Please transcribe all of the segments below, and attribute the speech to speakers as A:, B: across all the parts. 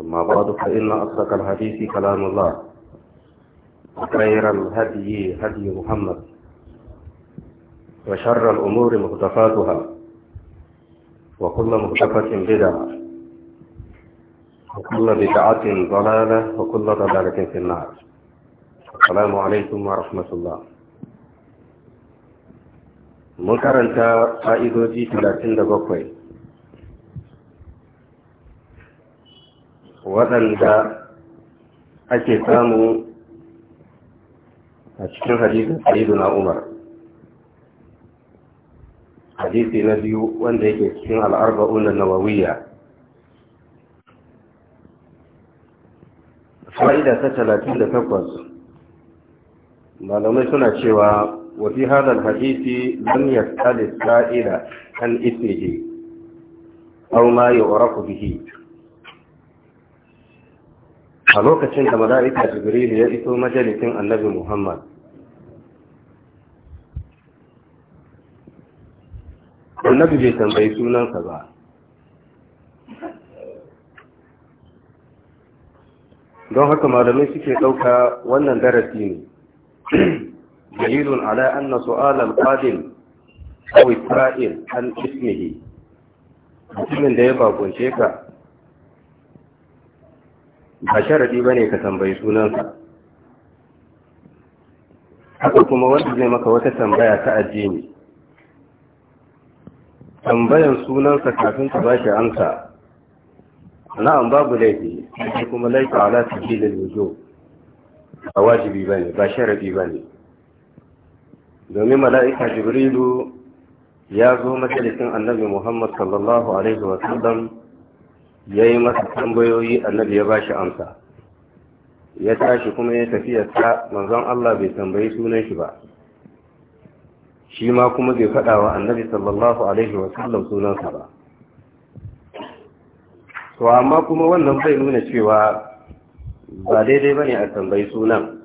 A: أما بعد فإن أصدق الحديث كلام الله وخير الهدي هدي محمد وشر الأمور مهدفاتها وكل مهدفة بدعة وكل بدعة ضلالة وكل ضلالة في النار السلام عليكم ورحمة الله mun karanta fa'idoji 37 waɗanda ake samu a cikin hadisin na umar hadisi na biyu wanda yake cikin al'arba'un nawawiya fa'ida ta talatin da takwas malamai suna cewa wafi hadar hadisi ya yastali sa'ida kan ismihi au ma yi bihi a lokacin da mala'ika jibril ya iso majalisin annabi muhammad annabi bai tambayi sunansa ba don haka malamai suke ɗauka wannan darasi ne dalilun ala anna su'al al-qadim aw isra'il an ismihi mutumin da ya bakunce ka ba sharaɗi ba ne ka tambayi sunansa haka kuma wanda zai maka wata tambaya ta addini tambayan sunansa kafin ka ba shi amsa na'am babu laifi sai kuma laifi ala da wujub ba wajibi bane ba sharadi bane domin mala'ika jibrilu ya zo majalisin annabi muhammad sallallahu alaihi wa sallam ya yi masa tambayoyi annabi ya ba shi amsa ya tashi kuma ya tafi ya sa manzon Allah bai tambayi sunan shi ba shi ma kuma bai faɗa wa annabi sallallahu alaihi wa sallam sunansa ba to amma kuma wannan bai nuna cewa ba daidai bane a tambayi sunan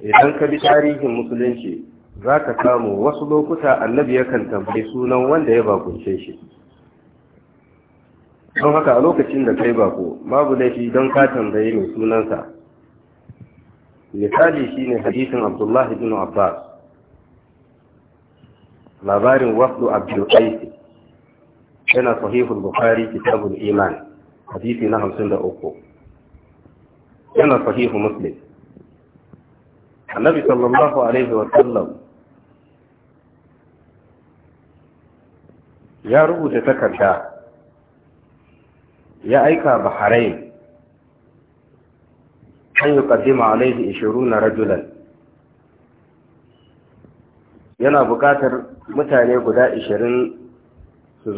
A: idan ka bi tarihin musulunci za ka samu wasu lokuta annabi yakan tambayi sunan wanda ya bakunce shi don haka a lokacin da kai bako babu laifi don ka tambaye mai sunansa misali shine hadisin abdullahi bin abbas labarin wasu abdul qais yana sahihul bukhari kitabul iman hadisi na da uku. yana sahihul muslim annabi sallallahu alaihi wa sallam ya rubuta takarda ya aika bahrain an yi kaddima alaihi na rajulan yana bukatar mutane guda ishirin su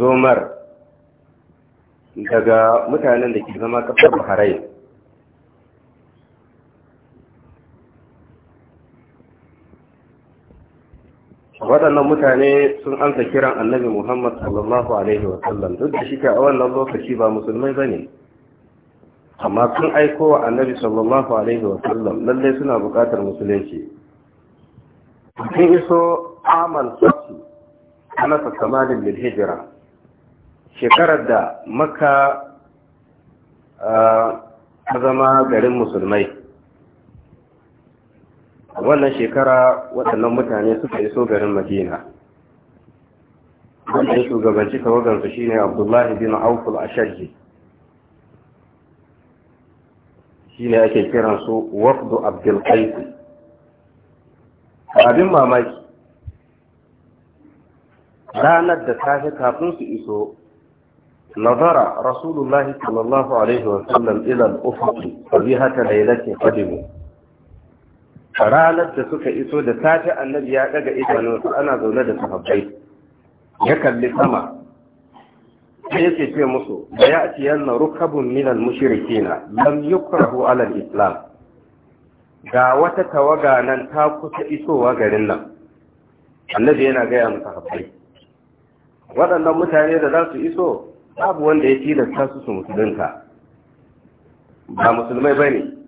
A: daga mutanen da ke zama kafar bahrain waɗannan mutane sun ansa kiran annabi Muhammad sallallahu alaihi wa duk da shike a wannan lokaci ba musulmai bane amma sun aiko wa annabi sallallahu alaihi wa sallam suna buƙatar musulunci sun iso amal sassu ana sakamalin lil hijira shekarar da makka ah, ta zama garin musulmai wannan shekara waɗannan mutane suka iso garin madina wanda ya shugabanci tawagarsu shine abdullahi bin auful Shi ne ake kiransu wafdu abdulkais abin mamaki ranar da ta fi kafin su iso nazara rasulullahi sallallahu alaihi wasallam ila al-ufuq fa biha lailatin qadimu ranar da suka iso da safe annabi ya daga idanu ana zaune da sahabbai ya kalli sama sai yake ce musu da ya ci yanna rukabun minal mushrikina lam yukrahu ala islam ga wata tawaga nan ta kusa isowa garin nan annabi yana gaya yana sahabbai waɗannan mutane da za su iso babu wanda ya tilasta su su musulunta ba musulmai bane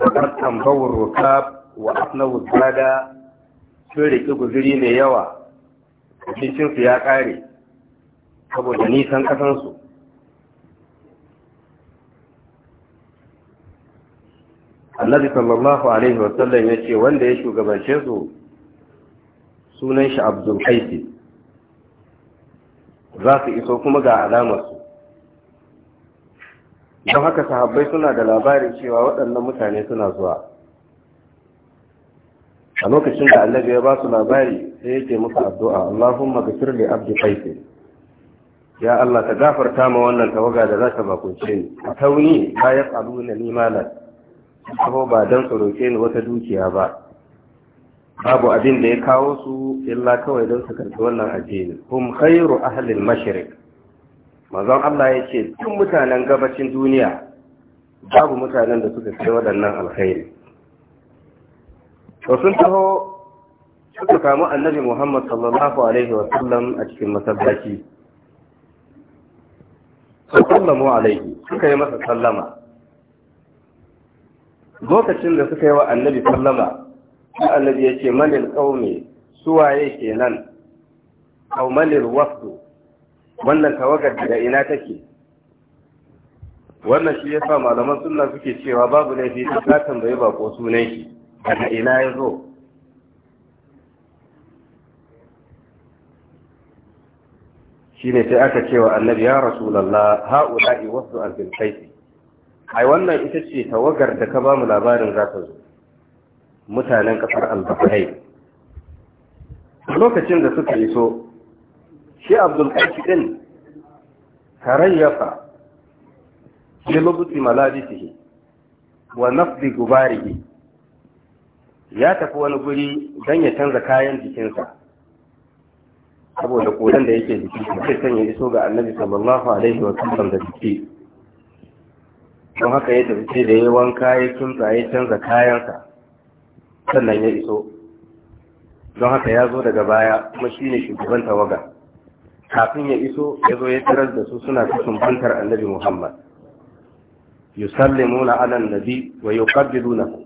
A: wa أنبو الركاب وأفنو الزادة سوري كغزرين yawa abincin su ya ƙare saboda nisan ƙasansu annabi sallallahu alaihi wasallam ya ce wanda ya shugabance su sunan shi abdul haifi za su iso kuma ga alamarsu don haka sahabbai suna da labarin cewa waɗannan mutane suna zuwa a lokacin da annabi ya ba su labari sai yake musu addu'a Allahumma ghafir li abdi qaisi ya Allah ka gafarta ma wannan tawaga da zaka bakunce ni a tauni ba ya tsalu ni malan ko ba dan su roke ni wata dukiya ba babu abin da ya kawo su illa kawai don su karɓi wannan addini hum khairu ahli al-mashriq mazan Allah ya ce cikin mutanen gabacin duniya babu mutanen da suka kai waɗannan alkhairi to sun taho suka kamu annabi Muhammad sallallahu alaihi wa sallam a cikin masallaci sallamu alaihi suka yi masa sallama lokacin da suka yi wa annabi sallama su annabi ya ce manil qaumi suwaye kenan aw manil wafdu wannan tawagar da ina take wannan shi yasa malaman sunna suke cewa babu laifi ta ka ba ko sunan shi daga ina ya zo shi ne sai aka cewa annabi ya rasulallah ha'ula'i wasu alfin kaifi ai wannan ita ce tawagar da ka ba mu labarin za ta zo mutanen kasar albahai lokacin da suka iso shi abdul fa. din tarayyafa bi lubuti malabisihi wa nafdi gubarihi ya tafi wani guri don ya canza kayan jikinsa saboda kodon da yake jiki sai sanya iso ga annabi sallallahu alaihi wa sallam da jiki don haka ya tafi sai da ya wanka ya kimtsa ya canza kayansa sannan ya iso don haka ya zo daga baya kuma shine shugaban tawaga kafin ya iso ya zo ya tarar da su suna ta sumbantar annabi Muhammad yusallimuna ala nabi wa yuqabbilunahu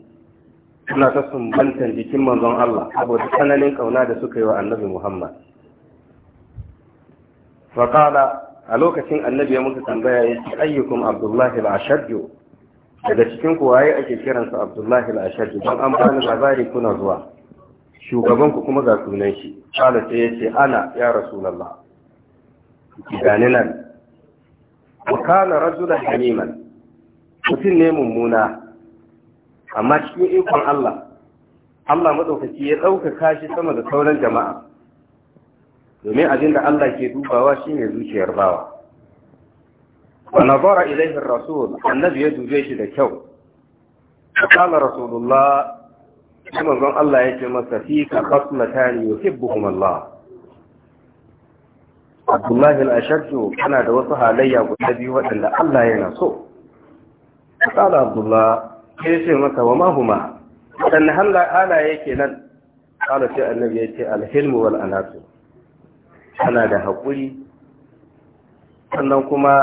A: suna ta sumbantan jikin manzon Allah saboda tsananin kauna da suka yi wa annabi Muhammad fa a lokacin annabi ya muka tambaya ya ce ayyukum abdullahi al daga cikin ku waye ake kiransa abdullahi al-ashaddu don an bani labari kuna zuwa shugaban ku kuma ga sunan shi kala sai ya ce ana ya rasulullah gani nan wa kana rajulan hamiman mutum ne mummuna amma cikin ikon Allah Allah madaukaki ya ɗaukaka shi sama da sauran jama'a domin abin da Allah ke dubawa shine zuciyar bawa wa nazara ilaihi rasul annabi ya dube shi da kyau qala rasulullah kuma manzon Allah ya ce masa fi ka khaslatan yuhibbuhum Allah abdullahi al-ashaddu kana da wasu halayya guda biyu waɗanda Allah yana so qala abdullah sai ce masa wa ma huma halaye ke nan? sai annabi ce al-hilmu wal anatu kana da hakuri sannan kuma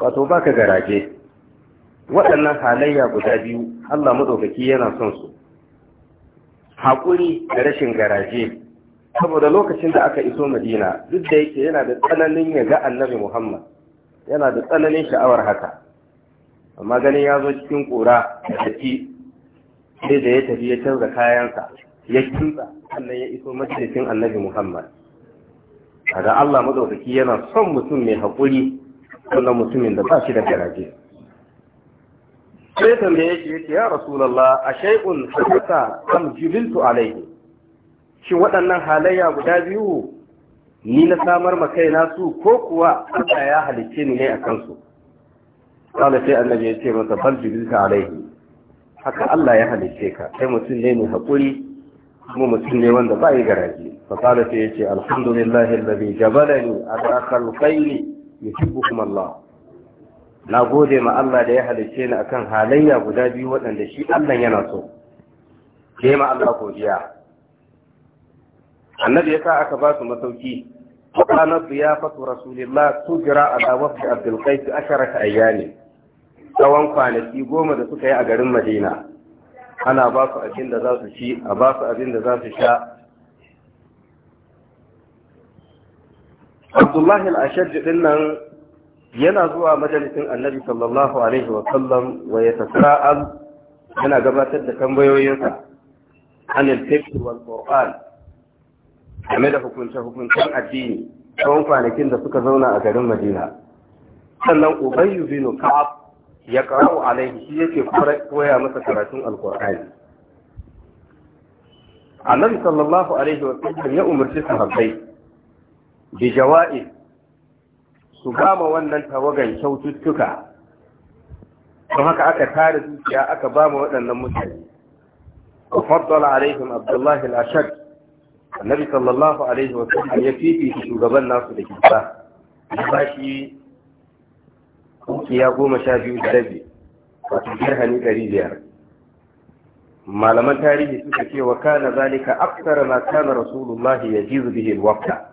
A: wato baka garaje waɗannan halayya guda biyu Allah madaukaki yana son su hakuri da rashin garaje saboda lokacin da aka iso madina duk da yake yana da tsananin ya ga annabi muhammad yana da tsananin sha'awar haka amma ganin ya zo cikin kura da tafi sai da ya tafi ya canza kayansa ya kinsa sannan ya iso majalisin annabi muhammad kaga allah madaukaki yana son mutum mai haƙuri sannan mutumin da ba shi da garaje sai tambaye shi ya ce ya rasulullah a shay'un hakata kam jibiltu alayhi shin waɗannan halayya guda biyu ni na samar ma kaina su ko kuwa Allah ya halicce ni ne a kansu kala sai annabi ya ce masa bal jibilka alaihi haka Allah ya halicce ka sai mutum ne mai haƙuri kuma mutum ne wanda ba yi garaji fa kala sai ya ce alhamdulillahi alladhi jabalani ala khalqaini yuhibbukum Allah na gode ma Allah da ya halicce ni akan halayya guda biyu waɗanda shi Allah yana so ke ma Allah godiya annabi ya sa aka ba su masauki su jira a الله da abdulkai su ashara ka a yani tsawon kwanaki goma da suka yi a garin Madina ana ba su abin da za su ci a ba su abin da za su sha Abdullahi al-Ashaj din nan yana zuwa majalisin Annabi sallallahu alaihi wa sallam wa yatasra'al yana gabatar da tambayoyinsa anil fiqh wal Qur'an game da hukunce-hukuncen addini tsawon kwanakin da suka zauna a garin madina sannan ubayyu bin ka'ab ya karo alaihi shi yake koya masa karatun alkur'ani annabi sallallahu alaihi wa sallam ya umarci sahabbai bi jawa'i su gama wannan tawagan kyaututtuka don haka aka tare dukiya aka ba mu waɗannan mutane وفضل عليهم abdullahi الله الأشد annabi sallallahu alaihi wasallam ya fifita shugaban nasu da kisa ya ba shi kukiya goma sha biyu da rabi wato dirhami ɗari biyar malaman tarihi suka ce wa kana zalika aksara na kana rasulullahi ya ji bihi wakka.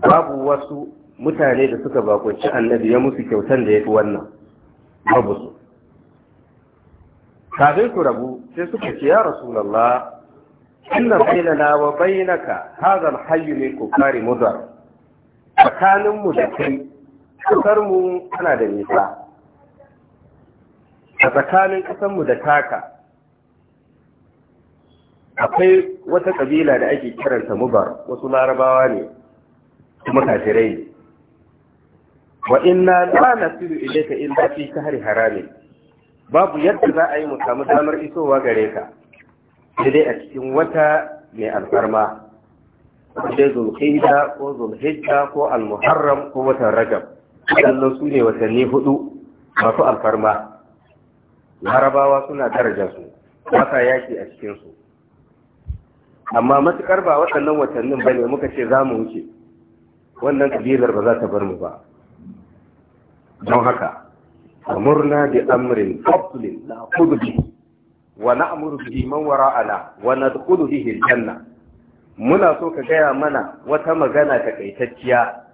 A: babu wasu mutane da suka bakunci annabi ya musu kyautan da ya fi wannan babu su kafin su rabu sai suka ce ya rasulallah inna bainana wa bainaka hadha al-hayy min kufari mudar tsakanin mu da kai kasar tana da nisa a tsakanin kasar mu da taka akwai wata kabila da ake kiranta mubar wasu larabawa ne kuma kafirai ne wa inna la nasiru ilayka illa fi shahri haramin babu yadda za a yi mu samu damar isowa gare ka sai dai a cikin wata mai alfarma sai zulhijja ko zulhijja ko almuharram ko watan rajab waɗannan su ne watanni hudu masu alfarma larabawa suna daraja su wata yaki a cikinsu amma matukar ba waɗannan watannin ba ne muka ce za mu wuce wannan kabilar ba za ta bar mu ba don haka amurna da amrin fafulin na kudu wa na'muru bihi man wara'ana wa nadkhulu bihi aljanna muna so ka gaya mana wata magana takaitacciya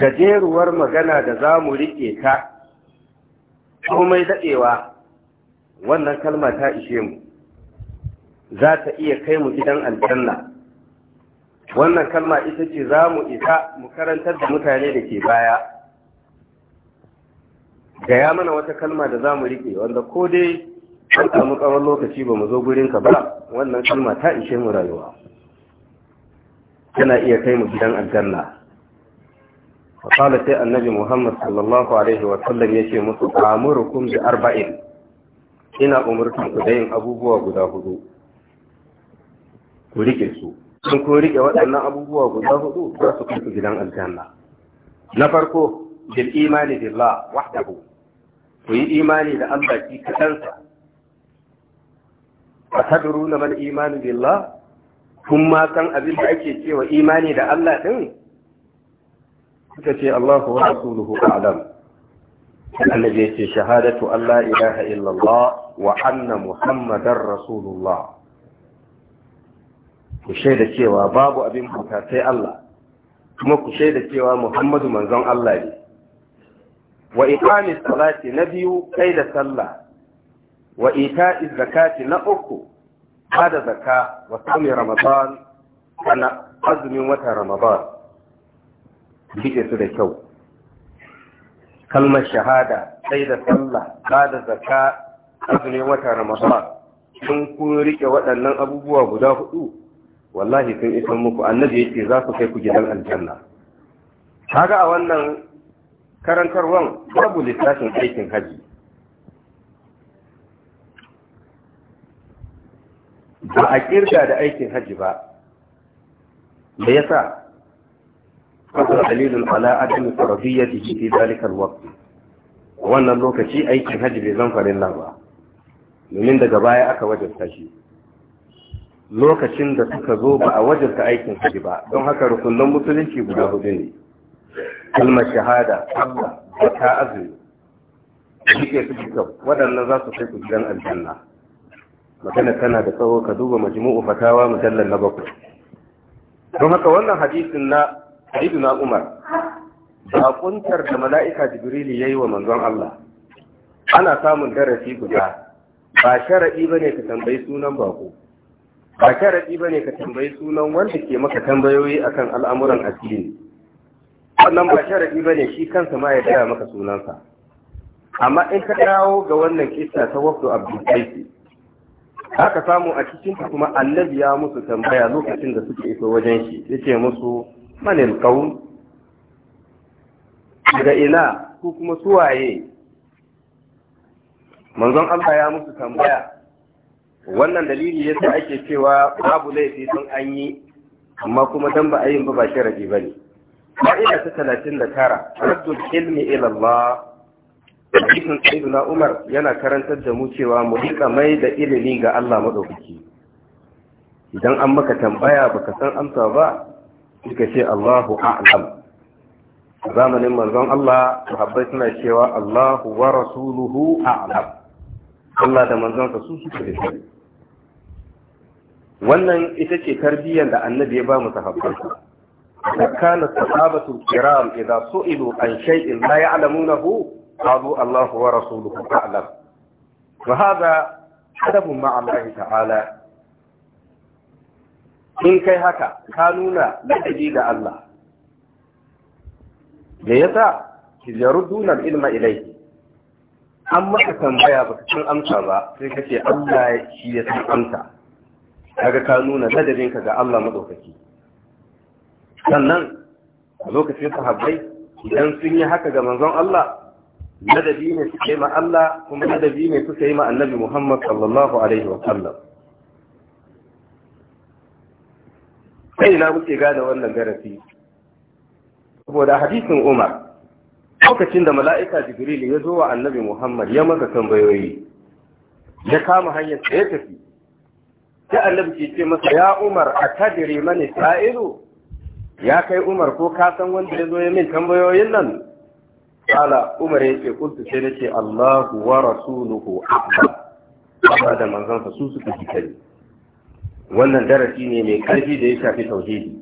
A: gajeruwar magana da za mu riƙe ta komai daɗewa wannan kalma ta ishe mu za ta iya kai mu gidan aljanna wannan kalma ita ce za mu isa mu karantar da mutane da ke baya gaya mana wata kalma da za mu riƙe wanda ko dai an samu tsawon lokaci ba mu zo gurinka ba wannan kalma ta ishe mu rayuwa tana iya kai mu gidan aljanna faƙala sai annabi muhammad sallallahu alaihi wa ya ce musu amurukum bi arba'in ina umurtan ku da yin abubuwa guda hudu ku rike su sun ku rike waɗannan abubuwa guda hudu za su kai ku gidan aljanna na farko bil imani billah wahdahu ku yi imani da Allah ki kaɗansa a taduru na mal imanu billah kun ma san abin da ake cewa imani da Allah din suka ce Allahu wa rasuluhu a'lam annabi ya ce shahadatu Allah ilaha illallah wa anna muhammadar rasulullah ku shaida cewa babu abin bauta sai Allah kuma ku shaida cewa Muhammadu manzon Allah ne wa iqamis salati na biyu kai da sallah wa ita'i zakati na uku ba da zaka wa sami ramadan kana azumin watan ramadan rike su da kyau kalmar shahada sai da sallah ba da zaka azumin watan ramadan sun kun rike waɗannan abubuwa guda hudu wallahi sun isan muku annabi yake za su kai ku gidan aljanna kaga a wannan karantarwan babu littafin aikin haji ba a kirga da aikin hajji ba me yasa fasar dalilin ala adami farabiyyati fi zalikal waqti wannan lokaci aikin hajji bai zan farilla ba domin daga baya aka wajabta shi lokacin da suka zo ba a wajabta aikin hajji ba don haka rukunan musulunci guda hudu ne kalmar shahada Allah da ta azumi shi ke su waɗannan za su kai ku gidan aljanna magana tana da tsawo ka duba majmu'u fatawa mujallal na bakwai don haka wannan hadisin na na umar bakuntar da mala'ika jibrili yayi wa manzon Allah ana samun darasi guda ba sharadi bane ka tambayi sunan bako ba sharadi bane ka tambayi sunan wanda ke maka tambayoyi akan al'amuran addini wannan ba sharadi bane shi kansa ma ya gaya maka sunansa amma in ka dawo ga wannan kissa ta wasu abdul aka samu a cikin kuma annabi ya musu tambaya lokacin da suke iso wajen shi yace musu manil qaum daga ina ku kuma suwaye manzon Allah ya musu tambaya wannan dalili yasa ake cewa babu laifi don an yi amma kuma dan ba a yin ba ba sharadi bane fa'ida ta 39 raddul ilmi ila Allah hadisin sayyidina Umar yana karantar da mu cewa mu rika mai da ilimi ga Allah madaukaki idan an maka tambaya baka san amsa ba suka ce Allahu a'lam zamanin manzon Allah sahabbai suna cewa Allahu wa rasuluhu a'lam Allah da manzon sa su da sani wannan ita ce tarbiyyar da annabi ya ba mu sahabbai da kana sahabatul kiram idza su'ilu an shay'in la ya'lamunahu قالوا الله ورسوله أعلم وهذا أدب مع الله تعالى in kai haka ka nuna ladabi ga Allah da yasa ilma ilai an maka tambaya baka san amsa ba sai ce Allah shi ya san amsa kaga ka nuna ladabin ka ga Allah madaukaki sannan a lokacin sahabbai idan sun yi haka ga manzon Allah ladabi ne suka yi ma Allah kuma ladabi ne suka yi ma annabi Muhammad sallallahu alaihi wa sallam sai na muke gane wannan garafi saboda hadisin Umar lokacin da mala'ika Jibril ya zo wa annabi Muhammad ya maka tambayoyi ya kama hanyar ya tafi sai annabi ke ce masa ya Umar a tadiri mani sa'ilu ya kai Umar ko ka san wanda ya zo ya min tambayoyin nan kala umar yake kuntu sai nace Allahu wa rasuluhu a'lam da manzon sa su suka ji kai wannan darasi ne mai karfi da ya shafi tauhidi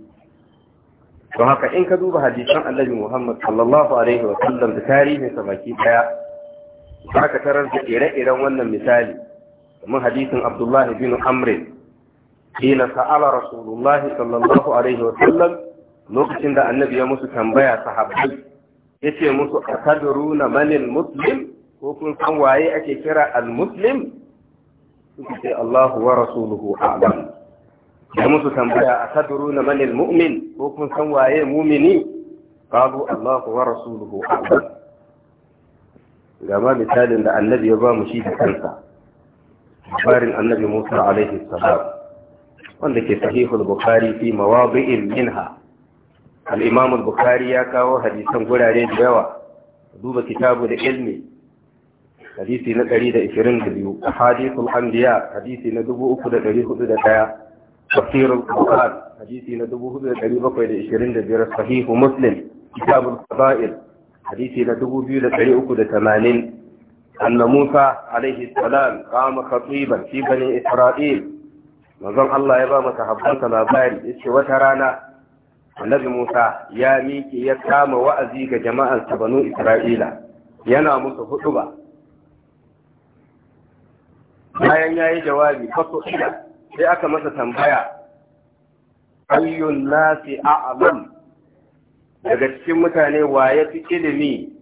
A: don haka in ka duba hadisan Annabi Muhammad sallallahu alaihi wa sallam da tarihin sa baki daya zaka tarar da ire-iren wannan misali kamar hadisin Abdullah bin Amr kila sa'ala Rasulullahi sallallahu alaihi wa sallam lokacin da Annabi ya musu tambaya sahabbai yace musu atadruna manil muslim ko kun san waye ake kira al-muslim suka ce Allah wa rasuluhu a'lam
B: Ya musu tambaya
A: atadruna manil mu'min ko kun san waye mu'mini qalu Allah wa rasuluhu a'lam gama misalin da annabi ya ba mu shi da kansa labarin annabi Musa alaihi salam wanda ke sahihul bukhari fi mawadi'in minha al-imam bukhari ya kawo hadisan gurare da yawa duba kitabu da ilmi hadisi na 122 ahadithul anbiya hadisi na 3401 tafsir al-qur'an hadisi na 4725 sahih muslim kitab al-qaba'il hadisi na 2380 أن موسى عليه السلام قام shi في بني إسرائيل manzon Allah ya ba masa habbansa labari yace wata rana annabi Musa ya miƙe ya kama wa'azi ga jama'ar banu Isra'ila yana musu hudu ba bayan yayi jawabi fasu ila sai aka masa tambaya ayyun nasi a'lam daga cikin mutane wa ya fi ilimi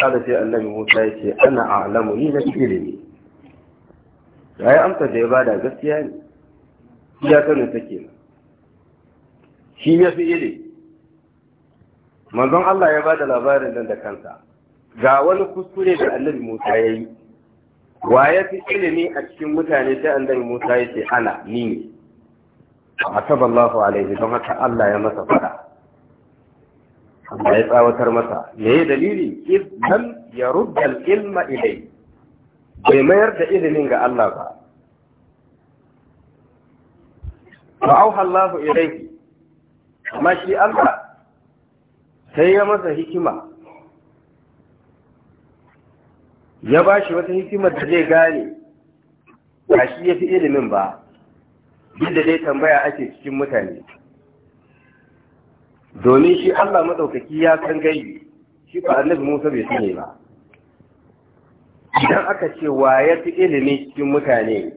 A: kada sai annabi Musa ya ce ana a'lamu ni na ilimi yi amsa da ya bada gaskiya ne ya sanin take shi ya fi ile manzon Allah ya ba da labarin nan da kansa ga wani kuskure da annabi Musa ya yi wa ya fi ilimi a cikin mutane sai annabi Musa ya ce ana ni ne asaballahu alaihi don haka Allah ya masa fada Allah ya tsawatar masa me ya dalili idan ya rudda ilma ilai bai mayar da ilimin ga Allah ba fa auha Allahu ilaihi amma shi Allah sai ya masa hikima ya ba shi wata hikimar da zai gane ba shi ya fi ilimin ba yadda dai tambaya ake cikin mutane domin shi Allah maɗaukaki ya san gai shi ba annabi Musa bai sani ba idan aka ce wa ya fi ilimin cikin mutane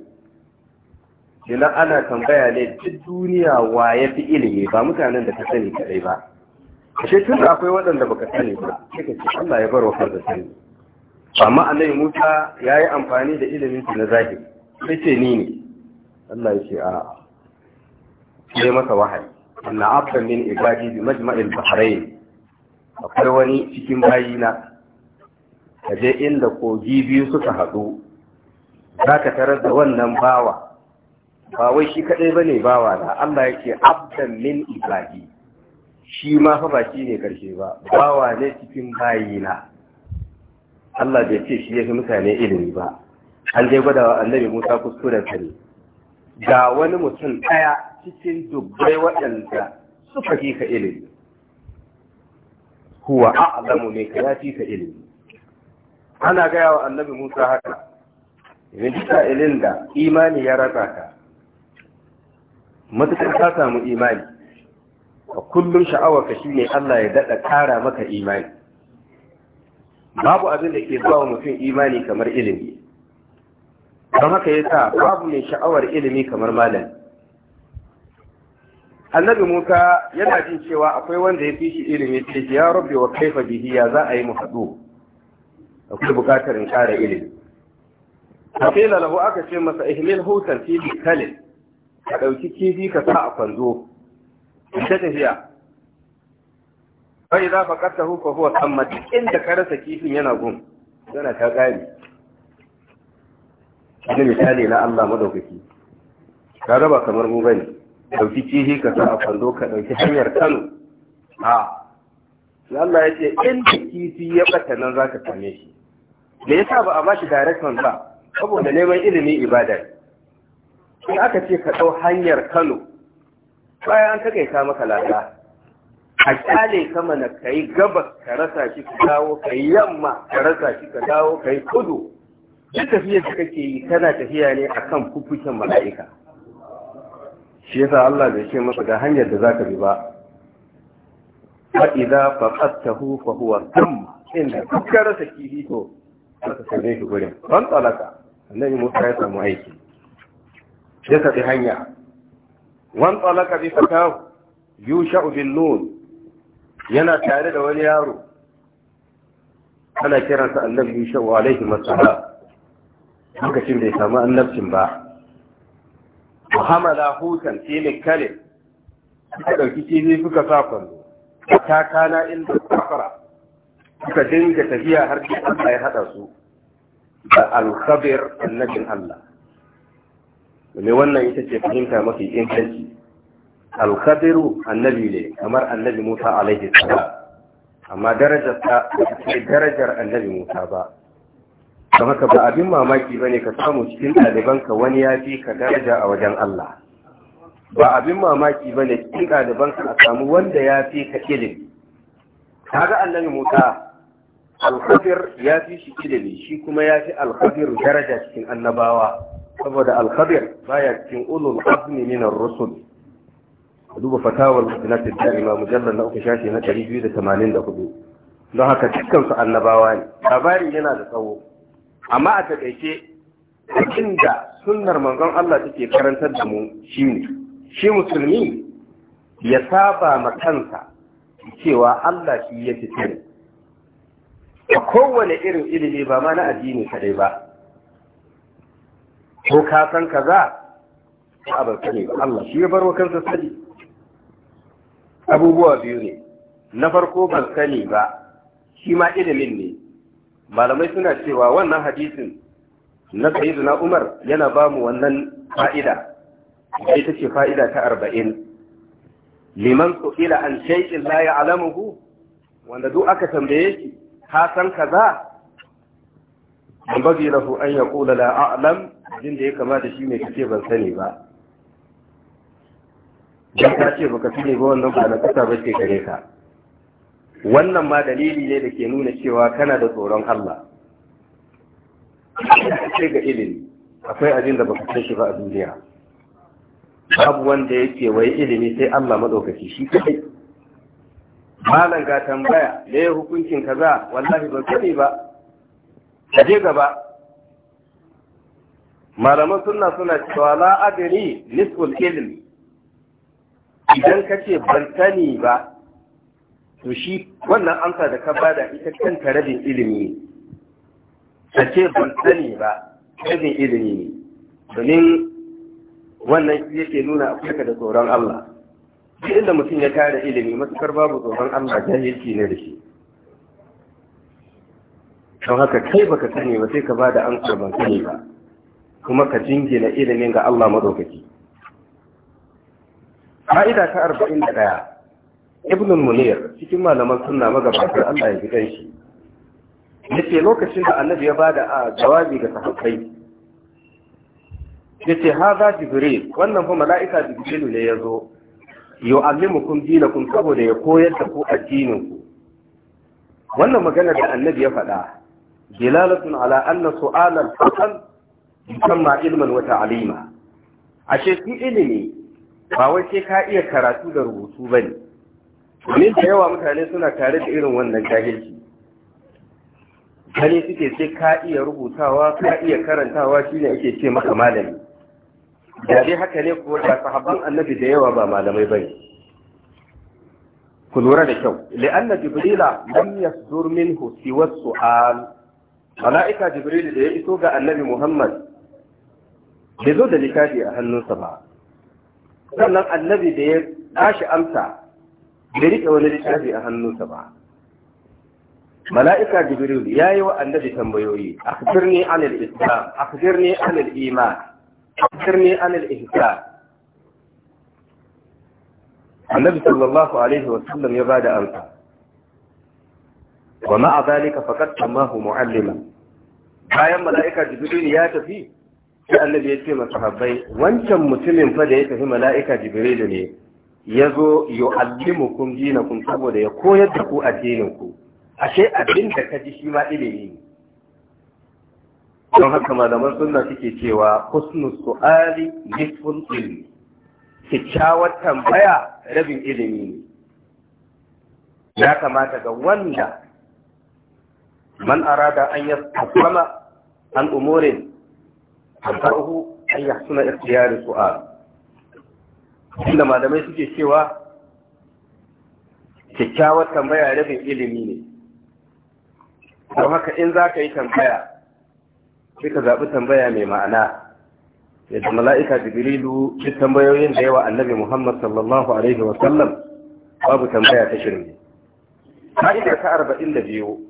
A: kenan ana tambaya ne duk duniya wa ya fi ilimi ba mutanen da ka sani kadai ba Kashe tun da akwai waɗanda ba ka sani ba sai ka ce Allah ya bar wa da sani amma annabi Musa ya yi amfani da ilimin na zahiri sai ce ni ne Allah ya ce a sai masa wahayi anna abdan min ibadi bi majma'il bahrain akwai wani cikin bayina kaje inda kogi biyu suka haɗu zaka tarar da wannan bawa ba wai shi kadai bane wa da Allah yake abdan min ibadi shi ma fa ba shi ne karshe ba bawa ne cikin bayina Allah bai ce shi yake mutane ilimi ba an dai gwada wa annabi Musa kuskuren sa ne ga wani mutum daya cikin dubbai waɗanda suka fi ka ilimi huwa a'lamu ne ka yafi ka ilimi ana gaya wa annabi Musa haka yanzu ilin da imani ya raka ka matuƙar ka samu imani a kullum sha'awar ka shine Allah ya daɗa ƙara maka imani babu abin da ke zuwa mutum imani kamar ilimi don haka ya sa babu mai sha'awar ilimi kamar malami annabi muka yana jin cewa akwai wanda ya fi shi ilimi sai ya rabbi wa kaifa bihi ya za a yi mu haɗu akwai buƙatar in ƙara ilimi a lahu aka ce masa ihmil hutan fi kalin ka ɗauki kifi ka sa a kwanzo ta tafiya bai za ka ƙasa hufa huwa kan duk inda ka rasa kifin yana gun yana ta gari wani misali na Allah madaukaki ka raba kamar mu bane ɗauki kifi ka sa a kwanzo ka ɗauki hanyar Kano a Allah ya ce inda kifi ya bata nan za ka same shi me yasa ba a ba shi direction ba saboda neman ilimi ibada ne in aka ce ka ɗau hanyar kano bayan an takaita maka lada a kyale ka mana ka yi gabas ka rasa shi ka dawo ka yi yamma ka rasa shi ka dawo ka yi kudu duk tafiyar da kake yi tana tafiya ne akan fuffuken mala'ika shi yasa Allah bai ce masa ga hanyar da zaka bi ba fa idza faqadtahu fa huwa tam inda kuka rasa kifi to aka sanya shi gurin ban talaka annabi Musa ya samu aiki ya tafi hanya wan talaka bi fatahu yusha bin nun yana tare da wani yaro ana kiran kiransa annabi yusha alaihi wasallam lokacin bai samu annabcin ba Muhammad hutan filin kale suka ɗauki kifi suka sa kwallo ta kana inda safara suka dinga tafiya har da Allah ya haɗa su da alkhabir annabin Allah domin wannan ita ce fahimta mafi inganci alkhadiru annabi ne kamar annabi musa alaihi salam amma darajar ta ce darajar annabi musa ba don haka ba abin mamaki ba ne ka samu cikin ɗalibanka wani ya fi ka daraja a wajen allah ba abin mamaki ba ne cikin ɗalibanka a samu wanda ya fi ka Ta kaga annabi musa alkhadir ya fi shi ilimi shi kuma ya fi alkhadir daraja cikin annabawa saboda alkhabir baya cikin ulul azmi min ar-rusul duba fatawar sunatul ma mujallal na uku shashi na 284 don haka dukkan su annabawa ne labarin yana da tsawo amma a takaice inda sunnar manzon Allah take karantar da mu shine shi musulmi ya saba ma kansa cewa Allah shi yake tare a kowane irin ilimi ba ma na addini kadai ba ko ka san kaza ba a sani ba Allah shi ya barwa kansa sani abubuwa biyu ne na farko ban sani ba shi ma ilimin ne malamai suna cewa wannan hadisin na na Umar yana ba mu wannan fa'ida ita ce fa'ida ta arba'in liman ila an shaikin la ya'lamuhu wanda duk aka tambaye shi ka san kaza an bazi lahu an yaqula la a'lam abin da ya kamata shi ne ce ban sani ba dan ka ce ba fi sani ba wannan ba na kasa ba ce gare ka wannan ma dalili ne da ke nuna cewa kana da tsoron Allah ce ga ilimi akwai abin da ka san shi ba a duniya babu wanda ya ke wai ilimi sai Allah madaukaki shi kai Malam ga tambaya me hukuncin kaza wallahi ban sani ba Ka je gaba malaman sunna suna cewa la adri nisful ilm idan ka ce ban sani ba to shi wannan amsa da ka bada ita kanta rabin ilimi ne ka ce ban sani ba rabin ilimi ne domin wannan yake nuna akwai da tsoron Allah duk inda mutum ya kare ilimi matukar babu tsoron Allah jahilci ne da shi don haka kai baka sani ba sai ka bada amsa ban sani ba kuma ka jingina ilimin ga Allah madaukaki fa'ida ta 41 ibn munir cikin malaman sunna magabatar Allah ya gidan shi yace lokacin da annabi ya bada jawabi ga sahabbai yace haza jibril wannan fa mala'ika jibril ne yazo dina kun saboda ya koyar da ku addinin ku wannan magana da annabi ya faɗa dilalatun ala anna su'al a fasal ma ilmin wata alima A shi ilimi ba wai sai ka iya karatu da rubutu ba ne domin da yawa mutane suna tare da irin wannan jahilci gani suke sai ka iya rubutawa ka iya karantawa shine ake ce maka malami da dai haka ne ko da sahabban annabi da yawa ba malamai bane ku lura da kyau li'anna jibrila lam yasdur minhu siwa su'al malaika jibril da ya iso ga annabi muhammad bai zo da littafi a hannunsa ba sannan annabi da ya tashi amsa bai riƙe wani littafi a hannunsa ba mala'ika jibril ya yi wa annabi tambayoyi akhbirni anil islam akhbirni anil iman akhbirni anil ihsan annabi sallallahu alaihi wa sallam ya bada amsa wa ma'a zalika faqad tamahu mu'allima bayan mala'ika jibril ya tafi sai annabi ya ce sahabbai, wancan mutumin fa da ya tafi mala'ika jibrilu ne ya zo yu'allimukum dinakum saboda ya koyar da ku addinin ku ashe abin da ka shi ma ilimi ne don haka malaman sunna suke cewa husnul su'ali nisful ilmi kyakkyawar tambaya rabin ilimi ne ya kamata ga wanda man arada an yasallama an umurin harfarhu an yi suna ikhtiyari su'al inda malamai suke cewa kyakkyawar tambaya rabin ilimi ne don haka in za ka yi tambaya sai ka zaɓi tambaya mai ma'ana yadda mala'ika jibrilu duk tambayoyin da yawa annabi muhammad sallallahu alaihi wasallam babu tambaya ta shirme ka'ida ta arba'in da biyu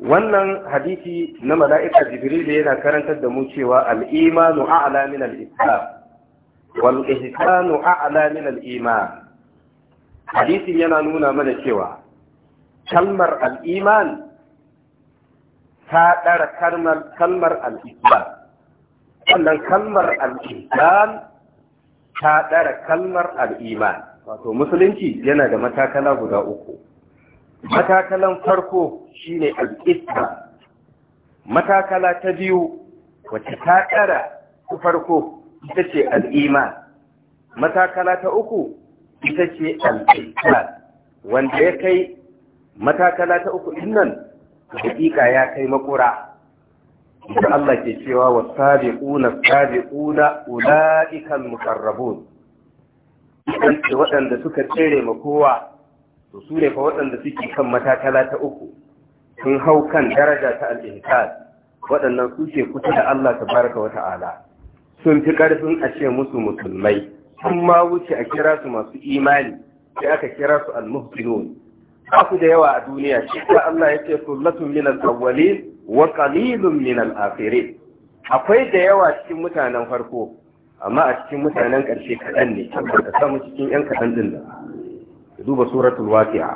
A: wannan hadisi na mala'ika jibril yana karantar da mu cewa al'imanu a'la min al-islam wal ihsanu a'la min al-iman Hadisi yana nuna mana cewa kalmar al-iman ta ɗara kalmar al-islam wannan kalmar al-islam ta ɗara kalmar al-iman wato musulunci yana da matakala guda uku matakalan farko shine al ista matakala ta biyu wacce ta kara ta farko ita ce al-iman matakala ta uku ita ce al wanda ya kai matakala ta uku din nan hakika ya kai makura da Allah ke cewa wa sabiquna sabiquna ulaika al-muqarrabun waɗanda suka tsere ma kowa to su ne fa waɗanda suke kan matakala ta uku sun hau kan daraja ta al waɗannan su ke kusa da Allah Ta baraka wata'ala sun fi ƙarfin a ce musu musulmai sun ma wuce a kira su masu imani sai aka kira su al-muhsinun aku da yawa a duniya shi ta Allah ya ce sullatun min al-awwalin wa qalilun min al-akhirin akwai da yawa cikin mutanen farko amma a cikin mutanen ƙarshe kaɗan ne ka samu cikin 'yan kaɗan din nan duba suratul waqi'a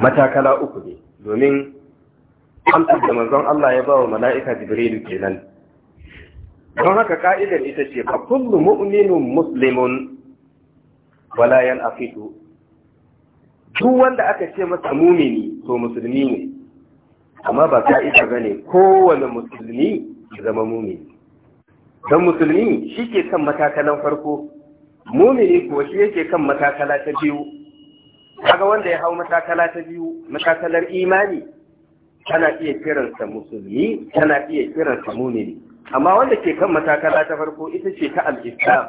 A: matakala uku ne domin amsar da manzon Allah ya bawa mala'ika Jibril kenan don haka ka'idar ita ce fa kullu mu'minun muslimun wala yan'afidu duk wanda aka ce masa mumini to musulmi ne amma ba ka'ida bane kowane musulmi ya zama mumini dan musulmi shi ke kan matakalan farko mumini kuwa shi yake kan matakala ta biyu kaga wanda ya hau matakala ta biyu matakalar imani tana iya kiransa musulmi tana iya kiransa mumini amma wanda ke kan matakala ta farko ita ce ta al-islam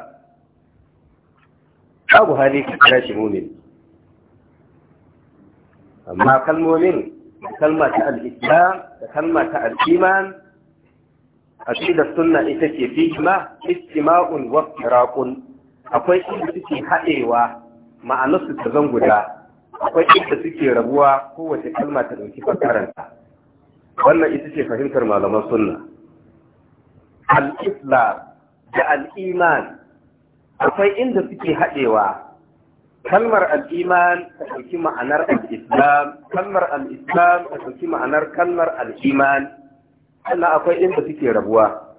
A: abu hali ka kira shi mumini amma kalmomin da kalma ta al-islam da kalma ta al-iman da sunna ita ce fi ma istima'un wa firaqun akwai inda suke haɗewa ma'anarsu ta zan guda akwai inda suke rabuwa kowace kalma ta ɗauki fassaranta wannan ita ce fahimtar malaman sunna al-islam da al-iman akwai inda suke haɗewa kalmar al'iman ta ɗauki ma'anar al'islam kalmar al'islam ta ɗauki ma'anar kalmar al'iman sannan akwai inda suke rabuwa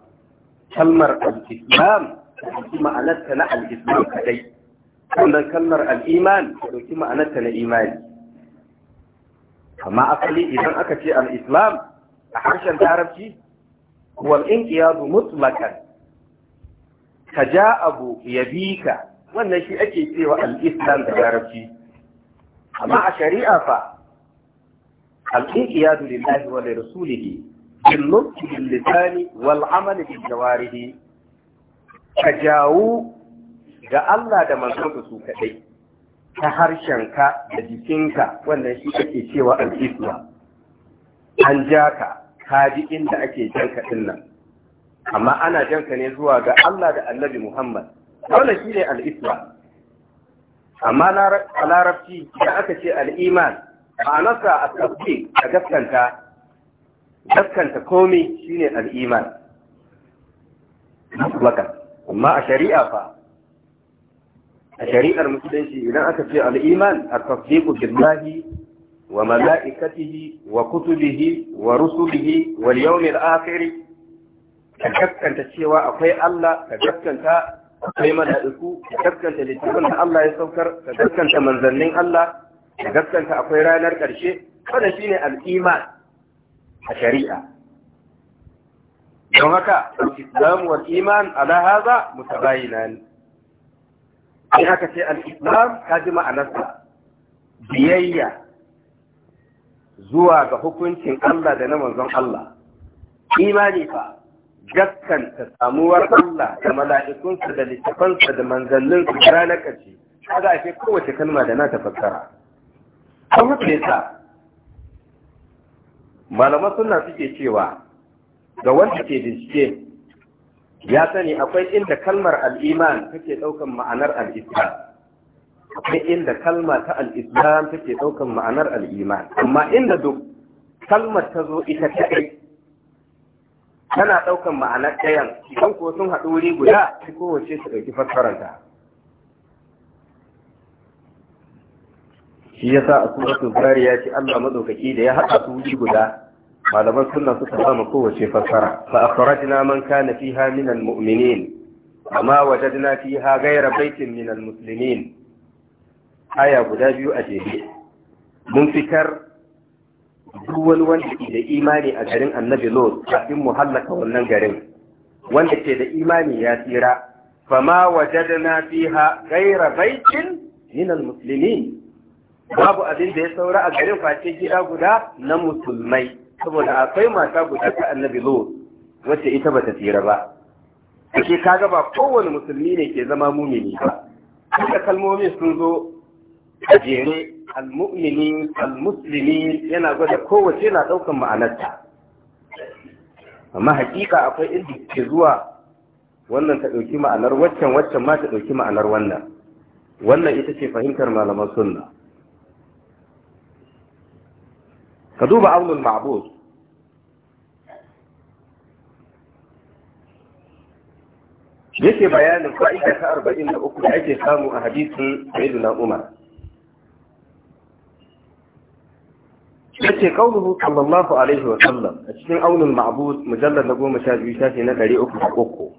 A: kalmar Al-Islam. ɗauki ma'anarta na al'islam kadai sannan kalmar al'iman ta ɗauki ma'anarta na imani amma asali idan aka ce al'islam a harshen larabci wal inqiyadu mutlaqan ka ja abu ya bi ka wannan shi ake cewa al'islam da larabci amma a shari'a fa al'inqiyadu lillahi wa li rasulihi bil nutqi bil lisani wal amali bil jawarihi ka jawo ga Allah da manzonsa su kaɗai ta harshen ka da jikinka wannan shi ake cewa al'isuwa an ja ka ka ji inda ake jan ka nan amma ana jan ka ne zuwa ga Allah da annabi Muhammad wannan shi ne al'isuwa amma a larabci da aka ce al'iman ma'anarsa a tafi a gaskanta gaskanta komai shine Na maka amma a shari'a fa a shari'ar musulunci idan aka ce al'iman a tasdiqu billahi wa mala'ikatihi wa kutubihi wa rusulihi wal yawmil akhir ka gaskanta cewa akwai Allah ka gaskanta akwai mala'iku ka gaskanta littafin da Allah ya saukar ka gaskanta manzannin Allah ka gaskanta akwai ranar ƙarshe kada shine al'iman a shari'a don haka al-islam wal iman ala hadha mutabayinan sai haka sai al-islam ka ji ma'anarsa biyayya zuwa ga hukuncin Allah da na manzon Allah imani fa ta samuwar Allah da mala'ikunsa da littafansa da manzanninsa da ranar ƙarshe kaga ake kowace kalma da na ta fassara an haka yasa malaman suna suke cewa ga wanda ke bincike ya sani akwai inda kalmar al'iman take ɗaukan ma'anar al'islam akwai inda kalma ta al'islam take ɗaukan ma'anar al'iman amma inda duk kalmar ta zo ita kaɗai tana ɗaukan ma'anar ɗayan idan ko sun haɗu wuri guda sai kowace su ɗauki fassararta shi yasa a ya ce Allah madaukaki da ya haɗa su wuri guda malaman sunna suka ba mu kowace fassara fa akhrajna man kana fiha min almu'minin amma wajadna fiha ghayra baitin min almuslimin aya guda biyu a jere mun fitar duk wani wanda ke da imani a garin annabi lot kafin mu hallaka wannan garin wanda ke da imani ya tsira fama wajadna fiha ghayra baitin min almuslimin babu abin da ya saura a garin face gida guda na musulmai saboda akwai mata guda ta annabi zo wacce ita bata tsira ba ake kaga ba kowane musulmi ne ke zama mumini ba duka kalmomin sun zo a jere almu'mini almuslimi yana gwada kowace na ɗaukan ma'anarta amma hakika akwai inda ke zuwa wannan ta ɗauki ma'anar waccan waccan ma ta ɗauki ma'anar wannan wannan ita ce fahimtar malaman sunna ka duba aunul ma'bud yake bayanin fa'ida ta arba'in da uku da ake samu a hadisin na umar yace kauluhu sallallahu alaihi wa sallam a cikin aunul ma'bud mujallar na goma sha biyu shafi na ɗari uku da uku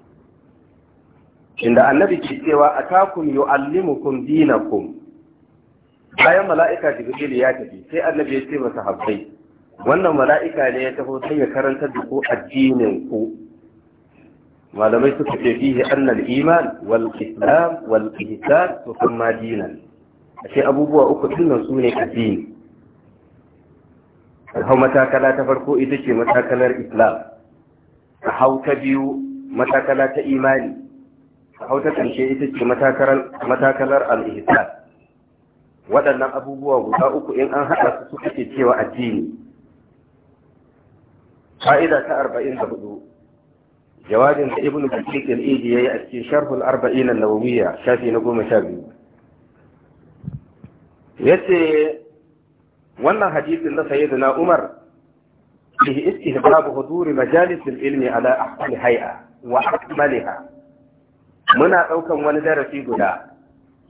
A: inda annabi ke cewa a atakum yu'allimukum dinakum bayan mala'ika jibril ya tafi sai annabi ya ce masa habbai wannan mala'ika ne ya taho sai ya karanta da ku addinin ku malamai suka ce fihi annal iman wal islam wal ihsan wa kuma dinan ashe abubuwa uku tunan su ne addini hau matakala ta farko ita ce matakalar islam hau ta biyu matakala ta imani hau ta ƙarshe ita ce matakalar al-ihsan waɗannan abubuwa guda uku in an haɗa su ake cewa addini fa'ida ta arba'in da hudu jawabin da ibnu kashik al-idi yayi a cikin sharhul arba'in an-nawawiyya shafi na goma sha biyu Ya ce wannan hadisin na na umar fihi istihbab babu majalis al-ilmi ala ahsani hay'a wa akmaliha muna ɗaukan wani darasi guda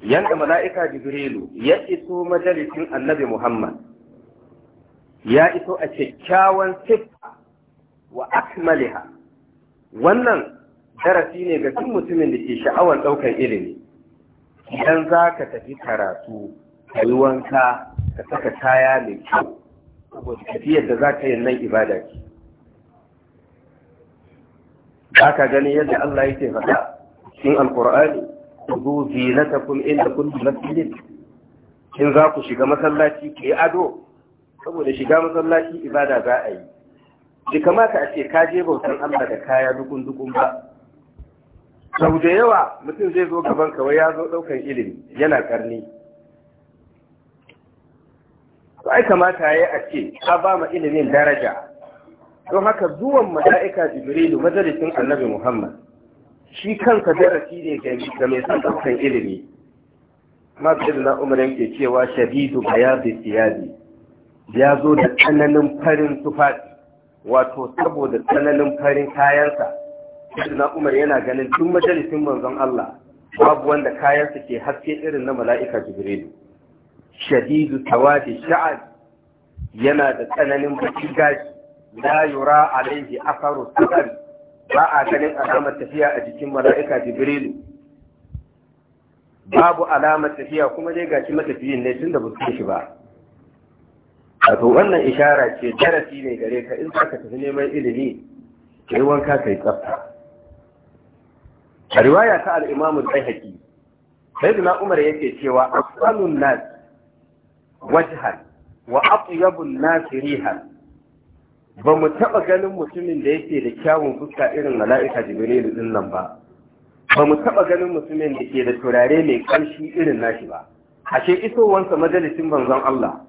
A: yanda mala'ika jibrilu ya iso majalisin annabi muhammad ya iso a kyakkyawan siffa wa akmaliha wannan darasi ne ga duk mutumin da ke sha'awar ɗaukar ilimi idan za ka tafi karatu ka yi wanka ka saka kaya mai kyau saboda tafiyar da za ka yi nan ibada ce za ka gani yadda Allah yake faɗa cikin alkur'ani ku zinatakum inda kun masjid in za ku shiga masallaci ku ado saboda shiga masallaci ibada za a yi shi kamata a ce ka je bautan Allah da kaya dukun dukun ba sau da yawa mutum zai zo gaban kawai ya zo daukan ilimi yana karni to ai kamata ya a ce ka ba ma ilimin daraja don haka zuwan mala'ika jibrilu majalisin annabi muhammad shi kansa darasi ne ga mai son ɗaukan ilimi masu na umar yake cewa shadidu siya siyadi ya zo da tsananin farin tufafi wato saboda tsananin farin kayansa na umar yana ganin tun majalisin manzon Allah babu wanda kayansa ke haske irin na mala'ika jibrilu shadidu tawadi sha'ad yana da tsananin baki gashi la yura alaihi asaru ba a ganin alamar tafiya a jikin mala'ika jibrilu babu alamar tafiya kuma dai gashi matafiyin ne tunda ba su shi ba A to wannan ishara ce darasi ne gare ka in za ka tafi neman ilimi kai wanka kai tsafta a riwaya ta al-imamu sai sayyidina umar yake cewa afsalun nas wajhan wa atyabun nas ba mu taɓa ganin mutumin da yake da kyawun fuska irin mala'ika jibrilu din nan ba ba mu taɓa ganin mutumin da ke da turare mai ƙarshi irin nashi ba ashe isowansa majalisin banzan Allah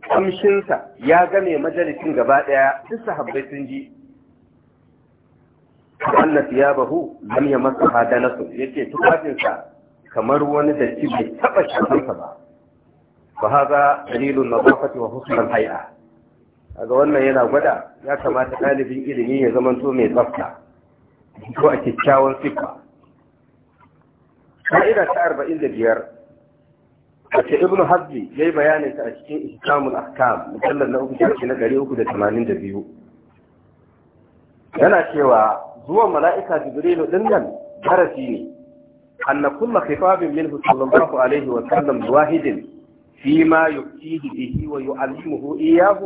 A: kamshinsa ya game majalisin gaba ɗaya duk sahabbai sun ji Allah ya bahu lam ya masa hada nasu yake tufafinsa kamar wani datti bai taɓa shafansa ba Ba haza dalilun nadafati wa husnul hay'a kaga wannan yana gwada ya kamata ɗalibin ilimi ya to mai tsafta ko a kyakkyawan siffa ka'ida ta arba'in da biyar wace ibnu hazbi ya yi bayanin ta a cikin ihkamul ahkam musallar na uku shafi na gari uku da tamanin da biyu yana cewa zuwan mala'ika jibrilu din nan darasi ne أن كل خطاب منه صلى الله عليه وسلم واحد فيما يؤتيه wa yu'allimuhu إياه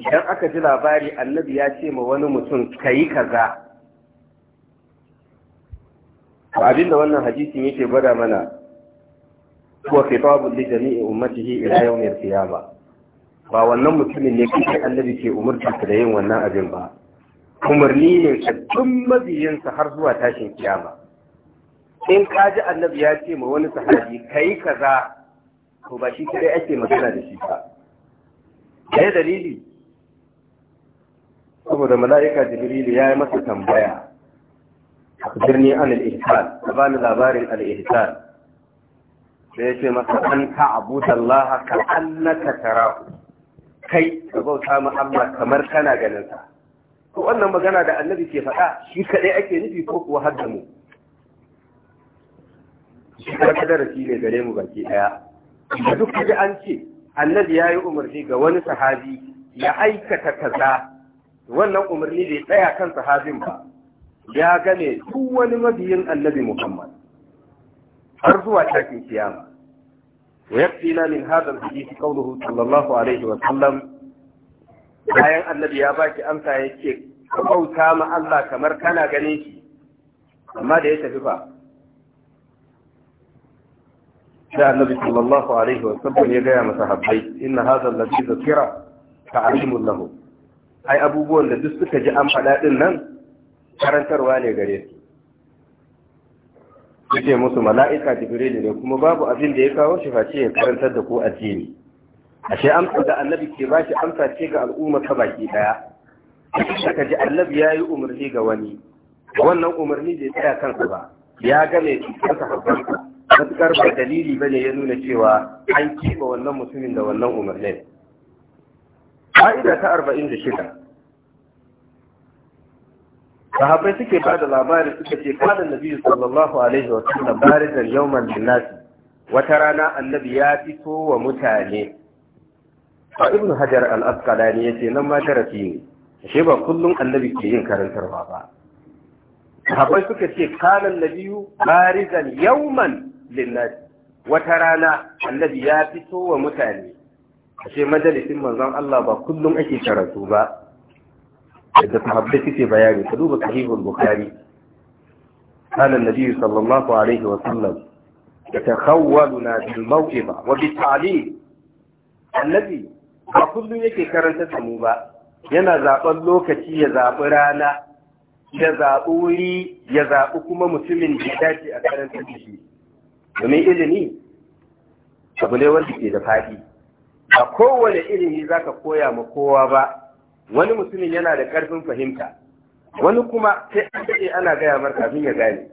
A: idan aka ji labari annabi ya ce ma wani mutum yi kaza abinda wannan hadisin yake gwada mana huwa khitabun li jami'i ummatihi ila yawmil qiyamah ba wannan mutumin ne kike annabi ke umurta da yin wannan abin ba umarni ne ka tun mabiyinsa har zuwa tashin kiyama in ka ji annabi ya ce ma wani sahabi kai kaza to ba shi kadai ake magana da shi ba ɗaya dalili saboda mala'ika jibrilu ya yi masa tambaya birni an al'ihsan da ba ni labarin al'ihsan da ya ce masa an ta'abuta Allah ka annaka tarahu kai ka bauta Muhammad kamar kana ganin sa wannan magana da annabi ke faɗa shi kaɗai ake nufi ko kuwa har da mu shi ka darasi ne gare mu baki ɗaya da duk da an ce annabi ya yi umarni ga wani sahabi ya aikata kaza wannan umarni bai tsaya kan sahabin ba ya gane duk wani mabiyin annabi Muhammad har zuwa takin kiyama ويكفينا من هذا الحديث قوله sallallahu alaihi wa وسلم bayan annabi ya baki amsa ya ce ka bauta ma Allah kamar kana gane shi amma da ya tafi ba sai annabi sallallahu alaihi wa sallam ya gaya masa habbai inna hadha alladhi zakira ta'limun lahu ai abubuwan da duk suka ji an faɗa ɗin nan karantarwa ne gare su suke musu mala'ika jibril ne kuma babu abin da ya kawo shi face ya karantar da ku addini ashe amsa da annabi ke ba shi amsa ce ga al'umma ta baki daya aka ji annabi ya yi umarni ga wani wannan umarni bai tsaya kansa ba ya ga shi kansa hakansa matuƙar ba dalili bane ya nuna cewa an kima wannan mutumin da wannan umarnin fa'ida ta arba'in da shida sahabbai suke ba da labari suka ce kwanan biyu sallallahu alaihi wa sallam baridan yawman linnasi wata rana annabi ya fito wa mutane a ibn hajar al-asqalani yace nan ma darasi ne ashe ba kullum annabi ke yin karantarwa ba sahabbai suka ce kwanan nabi baridan yawman linnasi wata rana annabi ya fito wa mutane A ashe majalisin manzon Allah ba kullum ake karatu ba da sahabbai ce bayani ka duba sahihul bukhari قال النبي صلى الله عليه وسلم تخولنا بالموعظة وبالتعليم الذي ba kullum yake karanta da mu ba yana zaɓen lokaci ya zaɓi rana ya zaɓi wuri ya zaɓi kuma mutumin da ya dace a karanta da shi domin ilimi abu ne wanda ke da faɗi a kowane ilimi za ka koya ma kowa ba wani mutumin yana da ƙarfin fahimta wani kuma sai an daɗe ana gaya marka kafin ya gane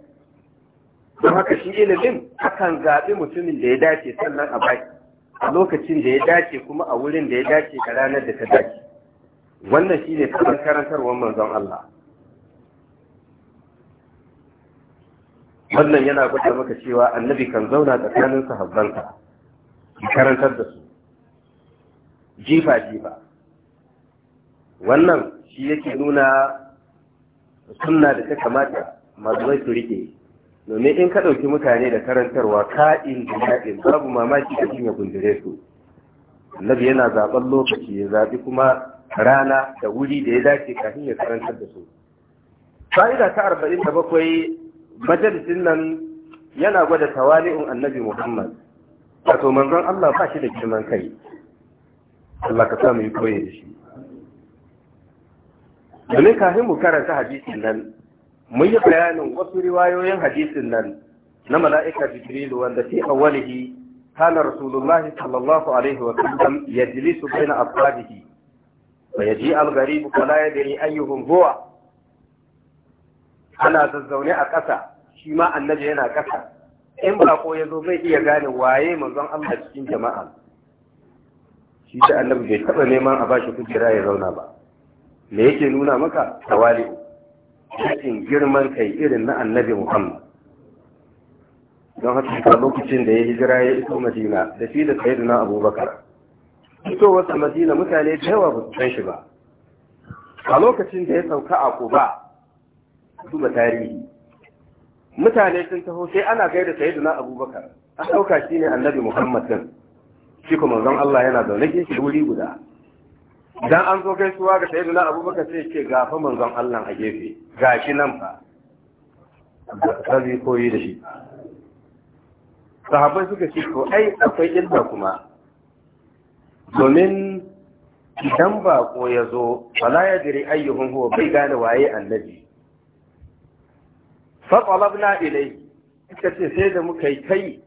A: don haka shi ilimin akan zaɓi mutumin da ya dace sannan a baki a lokacin da ya dace kuma a wurin da ya dace da ranar da ta dace wannan shi ne kamar karantarwar manzon Allah wannan yana gwada maka cewa annabi kan zauna tsakanin sahabbanka karantar da su jifa jifa wannan shi yake nuna sunna da ta kamata mazuwai su rike domin in ka ɗauki mutane da karantarwa ka'in da ya'in babu mamaki da ya gundure su annabi yana zaɓen lokaci ya zaɓi kuma rana da wuri da ya dace kafin ya karantar da su fa'ida ta arba'in da bakwai majalisin nan yana gwada tawali'un annabi muhammad wato manzon allah ba shi da girman kai Allah ka sa mu yi koyi da shi domin kafin mu karanta hadisin nan mun yi bayanin wasu riwayoyin hadisin nan na mala'ika Jibrilu wanda fi awwalihi kana rasulullah sallallahu alaihi wa sallam yajlisu baina ashabihi wa yaji al-gharib fala yadri ayyuhum huwa ana zazzaune a ƙasa shi ma annabi yana ƙasa in ba ko ya zo zai iya gane waye manzon Allah cikin jama'a shi ta annabi bai taɓa neman a bashi kujera ya zauna ba me yake nuna maka tawali cikin girman kai irin na annabi muhammad don haka a lokacin da ya hijira ya iso madina da shi da sayyidina abubakar wasa madina mutane da yawa ba su san shi ba a lokacin da ya sauka a kuba duba tarihi mutane sun taho sai ana gaida sayyidina abubakar an ɗauka shi ne annabi muhammad din shi kuma zan Allah yana zaune kin shi wuri guda idan an zo gaisuwa ga sayyidina abubakar sai ce ga fa manzon Allah a gefe ga shi nan fa sai koyi da shi sahabbai suka ce to ai akwai illa kuma domin idan bako ya zo wala ya dire ayyuhun huwa bai gane waye annabi fa talabna ilayhi suka ce sai da muka yi kai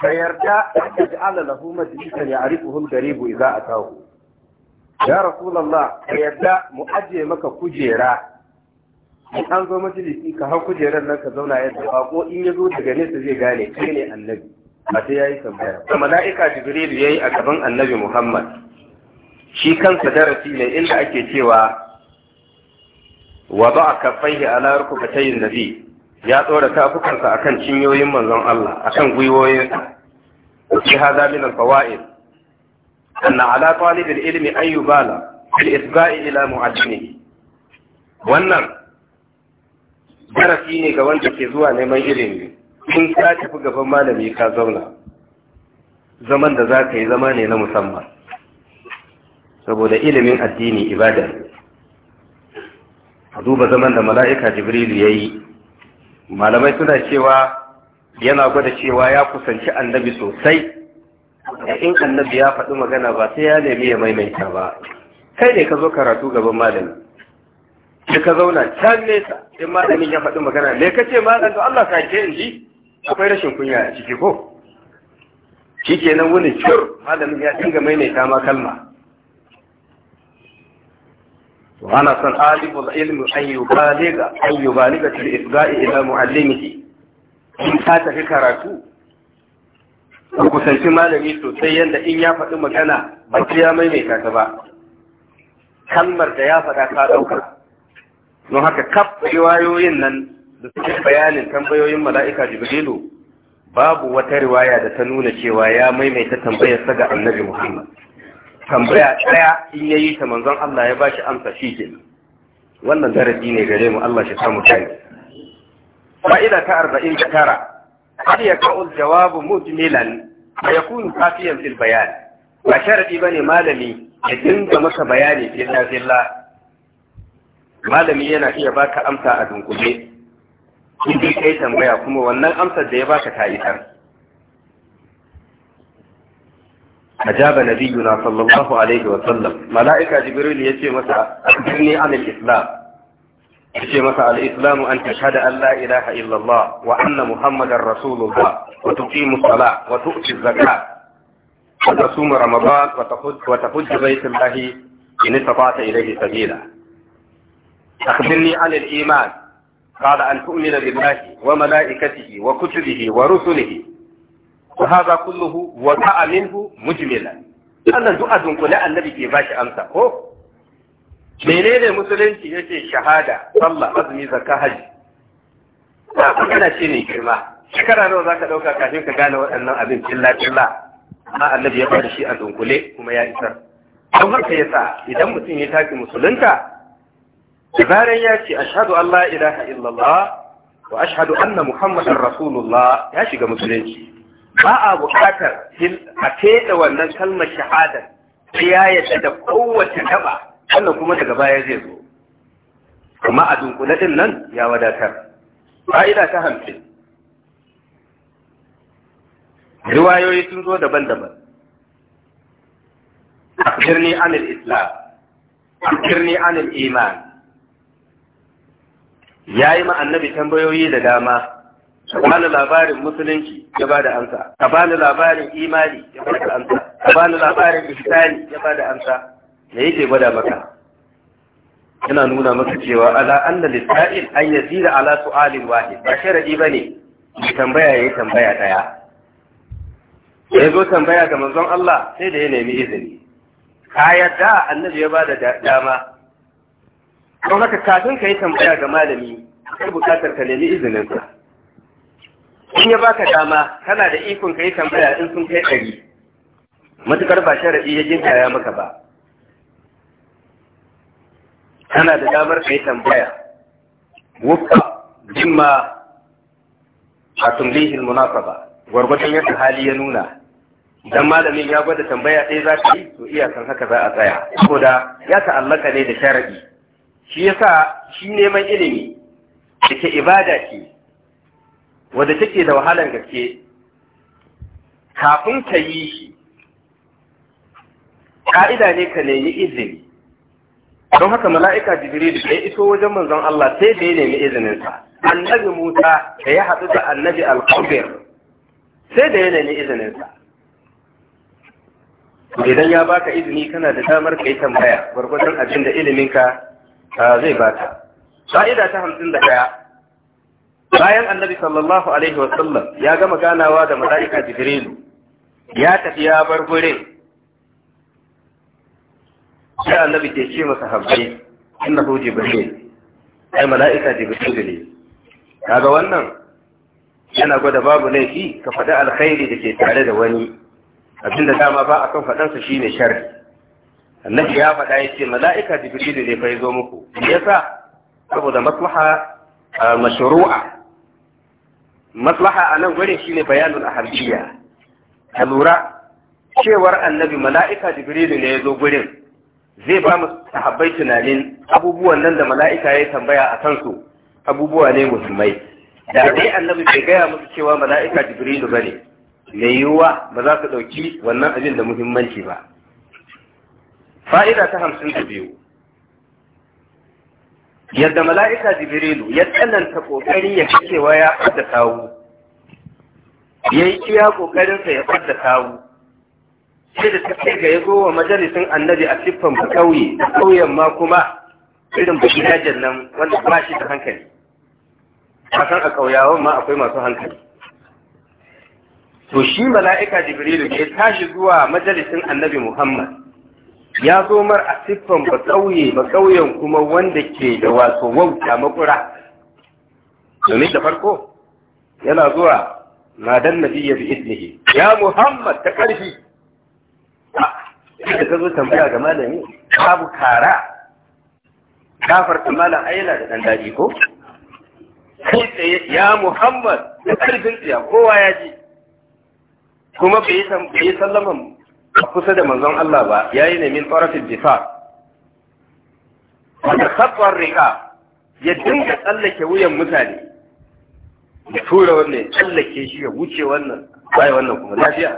A: ka yarda ka ja'ala lahu majlisan ya'rifuhum garibu idza atahu ya rasulullah ka yarda mu aje maka kujera an zo majalisi ka hau kujerar nan ka zauna yadda bako in ya zo daga nesa zai gane kai ne annabi ba sai yayi tambaya da mala'ika jibril yayi a gaban annabi muhammad shi kansa darasi ne inda ake cewa wada'a kaffaihi ala rukbatayyin nabi ya tsora tafukansa akan cinyoyin manzon Allah akan gwiwoyinsa shi hada min al-fawaid anna ala talib al-ilmi an yubala fil isba'i ila mu'allimihi wannan darasi ne ga wanda ke zuwa neman ilimi in ka tafi gaban malami ka zauna zaman da za yi zama ne na musamman saboda ilimin addini ibada a duba zaman da mala'ika Jibrilu ya yi malamai suna cewa yana gwada cewa ya kusanci annabi sosai da in annabi ya faɗi magana ba sai ya nemi ya maimaita ba kai ne ka zo karatu gaban malami sai ka zauna can nesa in malamin ya faɗi magana ne ka ce malam to Allah ka ke inji ji akwai rashin kunya a ciki ko shikenan wani cur malamin ya dinga maimaita ma kalma وأنا طالب العلم أن يبالغ أن يبالغ في الإفضاء إلى معلمه in ka tafi karatu ka kusanci malami sosai yadda in ya faɗi magana ba sai ya maimaita ta ba kalmar da ya faɗa ka ɗauka don haka kaf riwayoyin nan da suke bayanin tambayoyin mala'ika jibrilu babu wata riwaya da ta nuna cewa ya maimaita tambayarsa ga annabi muhammad tambaya ɗaya in ya yi ta manzon Allah ya ba shi amsa shi ke wannan darasi ne gare mu Allah shi samu kai fa'ida ta arba'in da tara har ya ka'ul jawabu mujmilan a ya kafiyan fil bayani. ba sharadi ba ne malami ya dinga maka bayani filla filla malami yana iya baka amsa a dunkule in kai tambaya kuma wannan amsar da ya baka ta isar أجاب نبينا صلى الله عليه وسلم ملائكة جبريل يتي مساء أخبرني عن الإسلام يتي مساء الإسلام أن تشهد أن لا إله إلا الله وأن محمد رسول الله وتقيم الصلاة وتؤتي الزكاة وتصوم رمضان وتحج بيت الله إن استطعت إليه سبيلا أخبرني عن الإيمان قال أن تؤمن بالله وملائكته وكتبه ورسله wa hadha kulluhu wa ta'a minhu mujmilan wannan du'a dunkule annabi ke bashi amsa ko menene musulunci yace shahada sallah azumi zakka hajji ta magana ce ne girma shekara nawa zaka dauka kafin ka gane waɗannan abin killa killa amma annabi ya bada shi a dunkule kuma ya isar don haka yasa idan mutum ya tafi musulunta da ya ce ashadu an la ilaha illallah wa ashadu anna muhammadan rasulullah ya shiga musulunci ba a buƙatar a teɗa wannan kalmar shahadar sai ya yadda da kowace gaba wannan kuma daga baya zai zo Kuma a dunkule ɗin nan ya wadatar fa'ida ta hamsin riwayoyi sun zo daban-daban akirni anil islam birni anil iman ya yi ma annabi tambayoyi da dama ka bani labarin musulunci ya ba da amsa ka bani labarin imani ya ba da amsa ka bani labarin ihsani ya ba da amsa me yake gwada maka yana nuna maka cewa ala annal lisa'il an yazira ala su'alin wahid ba sharadi bane tambaya yayi tambaya daya ya zo tambaya ga manzon Allah sai da ya nemi izini ka yadda annabi ya ba da dama Kuma haka kafin ka yi tambaya ga malami ka bukatar ka nemi izininsa in ya baka dama kana da ikon kai tambaya in sun kai ɗari matukar ba sharaɗi ya jinkaya maka ba kana da damar kai tambaya wufka jimma a tumlihin ba gwargwadon yadda hali ya nuna Idan malamin ya gwada tambaya ɗaya za ka yi to iyakan haka za a tsaya saboda ya ta'allaka ne da sharaɗi shi yasa shi neman ilimi da ke ibada ce Wanda take da wahalar gaske kafin ka yi shi ka'ida ne ka nemi izini don haka mala'ika jibril da ya iso wajen manzon Allah sai da ya nemi izininsa annabi Musa da ya haɗu da annabi al sai da ya nemi izininsa idan ya baka izini kana da damar ka yi tambaya gwargwadon abin da iliminka ah, zai baka ka'ida ta hamsin da ɗaya bayan annabi sallallahu alaihi wasallam ya gama ganawa da mala'ika jibrilu ya tafi ya bar gure sai annabi ke ce masa habbai innahu jibril ai mala'ika jibril ne kaga wannan yana gwada babu laifi ka faɗi alkhairi da ke tare da wani Abin da dama ba a kan faɗansa shine sharri annabi ya faɗa ya ce mala'ika jibril ne fa ya zo muku yasa saboda maslaha ah, mashru'a maslaha a nan ne shine a ahadiyya Ta lura cewar annabi mala'ika jibrilu ne ya zo gurin zai ba mu sahabbai tunanin abubuwan nan da mala'ika ya tambaya a kansu abubuwa ne muhimmai da dai annabi bai gaya musu cewa mala'ika jibrilu ne, mai yiwuwa ba za su ɗauki wannan abin da muhimmanci ba fa'ida ta hamsin da biyu yadda mala'ika jibirilu ya tsananta ƙoƙari ya fi cewa ya fadda kawo ya yi iya ƙoƙarinsa ya fadda kawo sai da take ga ya zo wa majalisun annabi a siffan ba ƙauye da ƙauyen ma kuma irin ba gidajen nan wanda ba shi da hankali a san a ƙauyawan ma akwai masu hankali to shi mala'ika jibirilu ya tashi zuwa Majalisun annabi muhammad ya zo mar a siffan ba ƙauye ba ƙauyen kuma wanda ke da wato wauta makura domin da farko yana zuwa na dan nabiya ya bi ismihi ya muhammad ta ƙarfi ah, da ka zo tambaya ga malami babu kara kafar ta malam aila da ɗan daji ko kai tsaye ya muhammad da ƙarfin tsaye kowa ya ji kuma bai yi sallaman Ba kusa da manzon Allah ba yayi ne min tarafil jifa da khatwar riqa ya dinga tsallake wuyan mutane ya tura wannan ya tsallake shi ya wuce wannan bai wannan kuma lafiya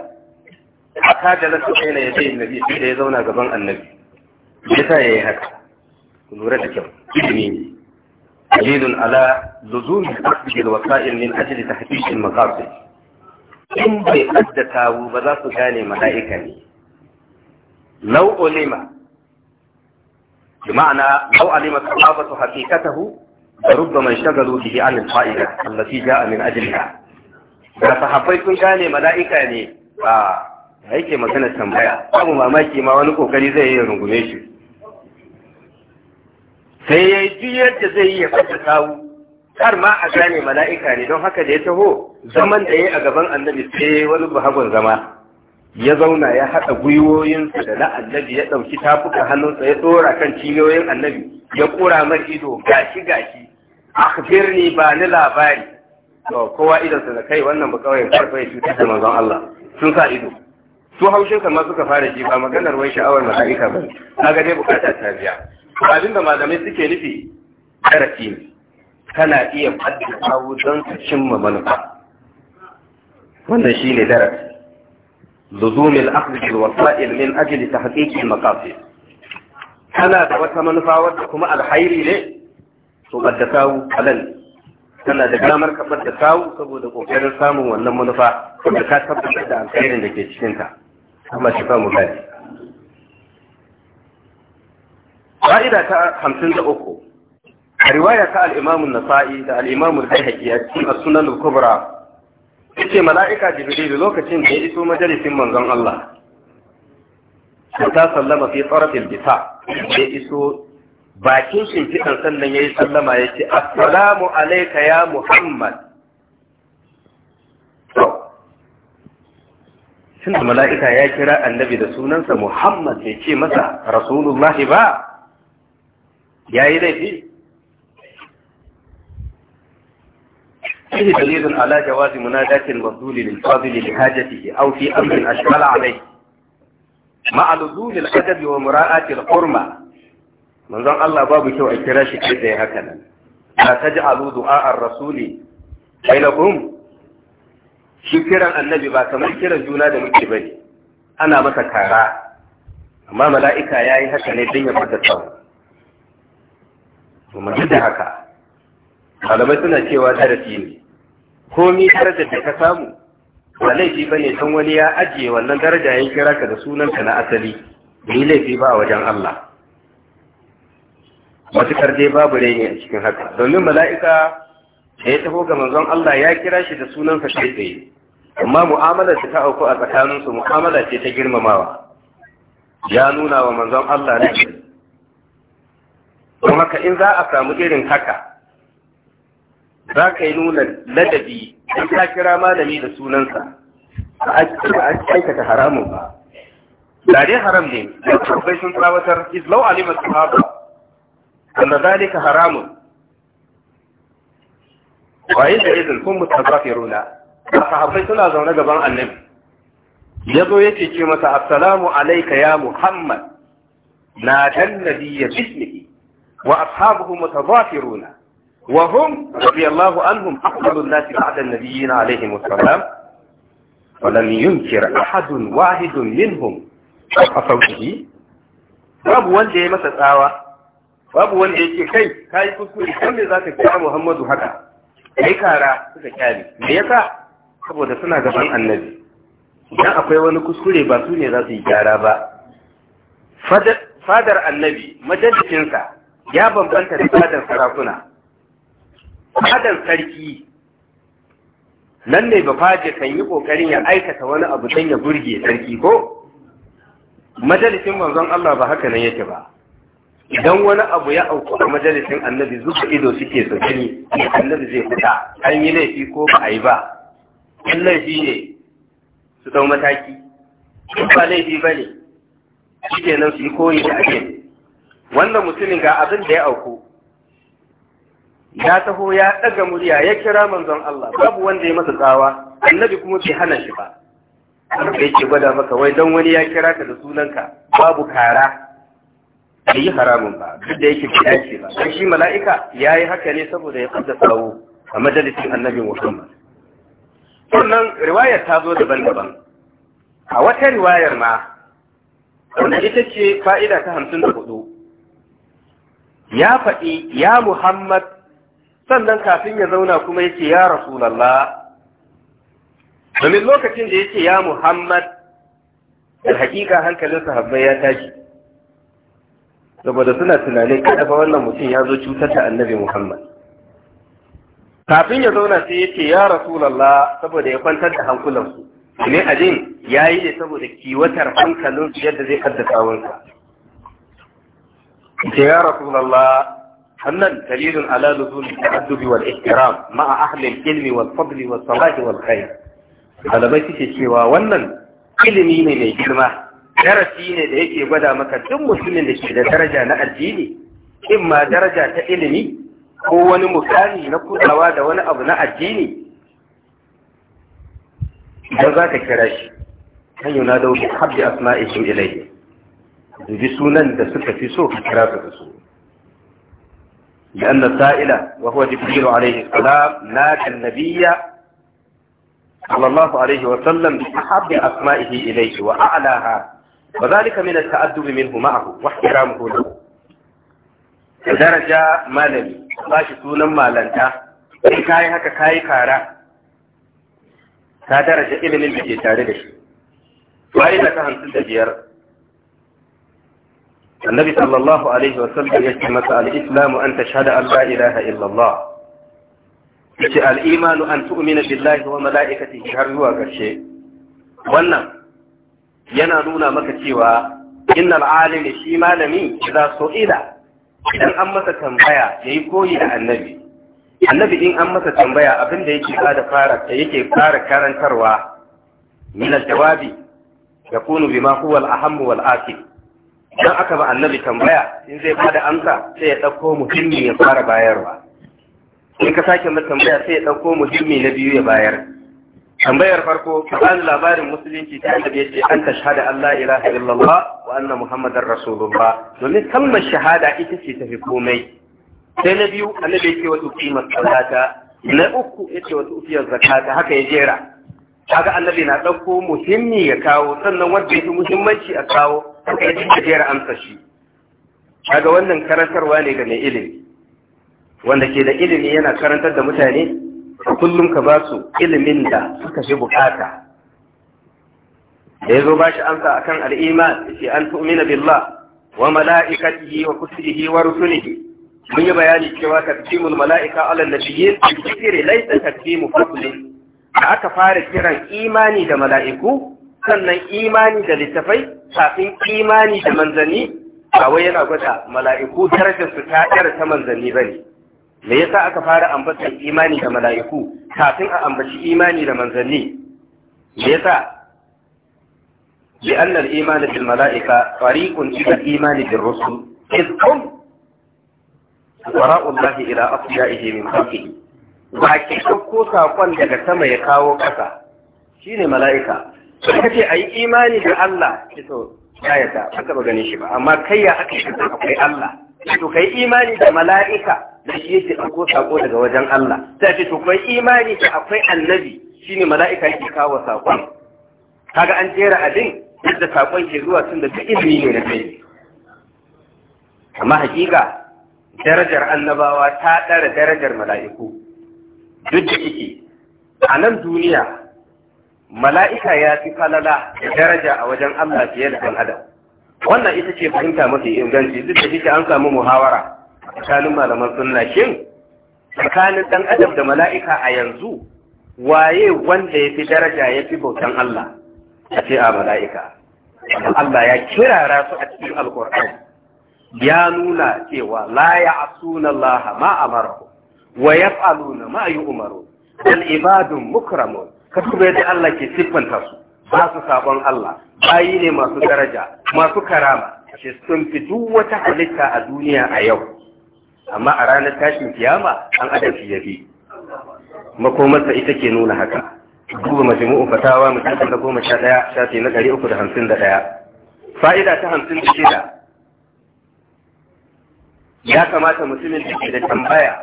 A: a kada na su kaina ya sai nabi sai da ya zauna gaban annabi yasa yayi haka ku lura da kyau ilimi ne دليل على لزوم أخذ الوسائل من أجل تحقيق المقاصد إن za su gane mala'ika ne. law ulima بمعنى لو علم الصحابة حقيقته ربما انشغلوا به عن الفائدة التي جاء من أجلها da sahabbai sun gane mala'ika ne a yake magana tambaya babu mamaki ma wani kokari zai yi rungume shi sai ya yi yadda zai yi ya fata kawu har ma a gane mala'ika ne don haka da ya taho zaman da ya yi a gaban annabi sai wani buhagon zama ya zauna ya haɗa gwiwoyinsa da na annabi ya ɗauki tafuka hannunsa ya ɗora kan cibiyoyin annabi ya ƙura mai ido gashi gashi akhbirni ba ni labari to kowa idan sa kai wannan ba kawai farko ya cutar da manzon Allah sun sa ido su haushin ma suka fara ji ba maganar wai sha'awar mala'ika ba kaga dai bukatar ta biya abin da malamai suke nufi darasi ne kana iya fadda kawo don ka cimma manufa wannan shine darasi لزوم الأخذ بالوسائل من أجل تحقيق المقاصد tana da wata manufa wadda kuma alhairi ne to da kawu halal tana da damar kabar da kawu saboda kokarin samun wannan manufa da ka tabbatar da alkhairin da ke cikin ta Kuma shi fa mu gani fa'ida ta 53 a riwaya ta al-Imam an-Nasa'i da al-Imam al-Baihaqi a cikin as-Sunan al-Kubra yace mala'ika jibrilu lokacin da ya iso majalisin manzon Allah ta sallama fi tsarafin bisa ya iso bakin shimfiɗan sannan ya yi sallama ya ce assalamu alaika ya muhammad shin da mala'ika ya kira annabi da sunansa muhammad bai ce masa rasulullahi ba ya yi laifi فيه دليل على جواز مناداة الرسول للفاضل لحاجته أو في أمر أشمل عليه مع لزوم الأدب ومراءة الحرمة من ظن الله باب شو اكتراش كده هكذا لا تجعلوا دعاء الرسول بينكم شكرا النبي با كمان كرا جونا da muke bane ana masa kara amma mala'ika yayi haka ne dan ya fada tsawo to mun da haka malamai suna cewa darasi ne komi darajar da ka samu ba laifi ba ne don wani ya ajiye wannan daraja ya kira ka da sunanka na asali ni laifi ba a wajen Allah
B: matukar dai babu rai ne a cikin haka domin
A: mala'ika da ya taho ga manzon Allah ya kira shi da sunansa kai tsaye amma mu'amalar ta auku a tsakaninsu mu'amala ce ta girmamawa ya nuna wa manzon Allah ne don haka in za a samu irin haka za ka yi nuna ladabi in ka kira malami da sunansa a aikata haramun ba da dai haram ne da sahabbai sun tsawatar islau alimar sahaba wanda zalika haramun waye da izin kun mutazafiruna ba sahabbai suna zaune gaban annabi ya zo ya ce masa assalamu alaika ya muhammad na dan nabiyya bismihi wa ashabuhu mutazafiruna wa hum radiyallahu anhum afdalun nasi ba'da an-nabiyyin alaihim ولم ينكر أحد واحد منهم a sauƙi babu wanda ya masa tsawa babu wanda ya ce kai ka yi kuskure kan me za muhammadu haka kai kara suka kyale me yasa saboda suna gaban annabi idan akwai wani kuskure ba su ne za su yi gyara ba fadar annabi majalisinsa ya bambanta da sarakuna fadan sarki nan ne ba faje kan yi kokarin ya aikata wani abu don ya burge sarki ko majalisin manzon Allah ba haka nan yake ba idan wani abu ya auku a majalisin annabi zuba ido suke su gani annabi zai fita an yi laifi ko ba a yi ba in laifi ne su dau mataki in ba laifi ba ne shi nan su yi koyi da ake wannan mutumin ga abin da ya auku ya taho ya ɗaga murya ya kira manzon Allah babu wanda ya masa tsawa annabi kuma bai hana shi ba sai ke gwada maka wai don wani ya kira ka da sunanka babu kara bai yi haramun ba duk da yake bai dace ba don shi mala'ika ya yi haka ne saboda ya fadda tsawo a majalisin annabi muhammad sannan riwayar ta zo daban-daban a wata riwayar ma wanda ita ce fa'ida ta hamsin da hudu ya faɗi ya muhammad sannan kafin ya zauna kuma yake ya rasulallah domin lokacin da yake ya muhammad hakika hankalin sahabbai ya tashi saboda suna tunanin kada fa wannan mutum ya zo cutar da annabi muhammad kafin ya zauna sai yake ya rasulallah saboda ya kwantar da hankulansu ne ajin ya yi ne saboda kiwatar hankalin yadda zai haddasa wansa ya rasulallah فنن دليل على لزوم التأدب والاحترام مع أهل العلم والفضل والصلاة والخير على ما cewa wannan ilimi ne mai girma darasi ne da yake gwada maka duk musulmin da ke da daraja na addini in ma daraja ta ilimi ko wani mukami na kulawa da wani abu na addini idan za ka kira shi kan yuna da wuce habbi asma'ihim ilayhi dubi sunan da suka fi so ka kira su da su لأن السائل وهو جبريل عليه السلام نادى النبي صلى الله عليه وسلم بأحب أسمائه إليه وأعلاها وذلك من التأدب منه معه واحترامه له درجة مالمي bashi sunan malanta in kayi haka kayi kara ta daraja ilimin da ke tare da shi wa'ida ta hamsin da biyar annabi sallallahu alaihi wasallam ya ce masa al-islamu an tashhada an la ilaha illallah yace al-imanu an tu'mina billahi wa mala'ikatihi har zuwa ƙarshe wannan yana nuna maka cewa innal alimi shi malami idza su'ila idan an masa tambaya yayi koyi da annabi annabi in an masa tambaya abin da yake da fara da yake fara karantarwa min al-jawabi yakunu bima huwa al-aham wal akil idan aka ba annabi tambaya in zai bada amsa sai ya ɗauko muhimmi ya fara bayarwa in ka sake mai tambaya sai ya ɗauko muhimmi na biyu ya bayar tambayar farko bani labarin musulunci ta annabi ya ce an ta tashhada Allah ilaha illallah wa anna muhammadar rasulullah domin kalmar shahada ita ce tafi komai sai na biyu annabi ya ce wa tuqima salata na uku ya ce wa tuqiyar zakata haka ya jera kaga annabi na ɗauko muhimmi ya kawo sannan wanda ya fi muhimmanci a kawo haka ya dinga jera amsa shi kaga wannan karantarwa ne ga mai ilimi wanda ke da ilimi yana karantar da mutane a kullum ka ba su ilimin da suka fi bukata da ya zo ba shi amsa akan al'ima da ce an tu'mina billah wa mala'ikatihi wa kutubihi wa rusulihi mun yi bayani cewa takdimul mala'ika ala nabiyyin zikri laysa takdimu fadlin da aka fara kiran imani da mala'iku sannan imani da littafai kafin imani da manzanni a wai yana gwada mala'iku darajar su ta yar ta manzanni ne. me yasa aka fara ambatar imani da mala'iku kafin a ambaci imani da manzanni me yasa لأن الإيمان بالملائكة طريق da الإيمان بالرسل إذ هم ila الله ya ihe min خلقه ba ke ɗauko saƙon daga sama ya kawo ƙasa shine mala'ika sai kace ayi imani da Allah kito ya ta aka ba gane shi ba amma kai ya aka shi akwai Allah to kai imani da mala'ika da shi yake dauko sako daga wajen Allah sai ce to kai imani da akwai annabi shine mala'ika yake kawo sakon kaga an jera abin yadda sakon ke zuwa tun da ilimi ne da kai amma hakika darajar annabawa ta ɗara darajar mala'iku duk da kike a nan duniya mala'ika ya fi falala da daraja a wajen Allah fiye da ɗan adam wannan ita ce fahimta mafi inganci duk da shi an samu muhawara a tsakanin malaman sunna shin tsakanin ɗan adam da mala'ika a yanzu waye wanda ya fi daraja ya fi bautan Allah a ce a mala'ika Allah ya kirara su a cikin alkur'an ya nuna cewa la ya asuna Allah ma amara wa yaf'aluna ma yu'maru al ibadun mukramun ka ya yadda Allah ke siffanta su ba su sabon Allah bayi ne masu daraja masu karama shi sun fi duk wata halitta a duniya a yau amma a ranar tashin kiyama an adam shi yabi makomarsa ita ke nuna haka duba majmu'u fatawa mutum da goma sha ɗaya shafi na ɗari uku da hamsin da ɗaya fa'ida ta hamsin da shida ya kamata mutumin da ke da tambaya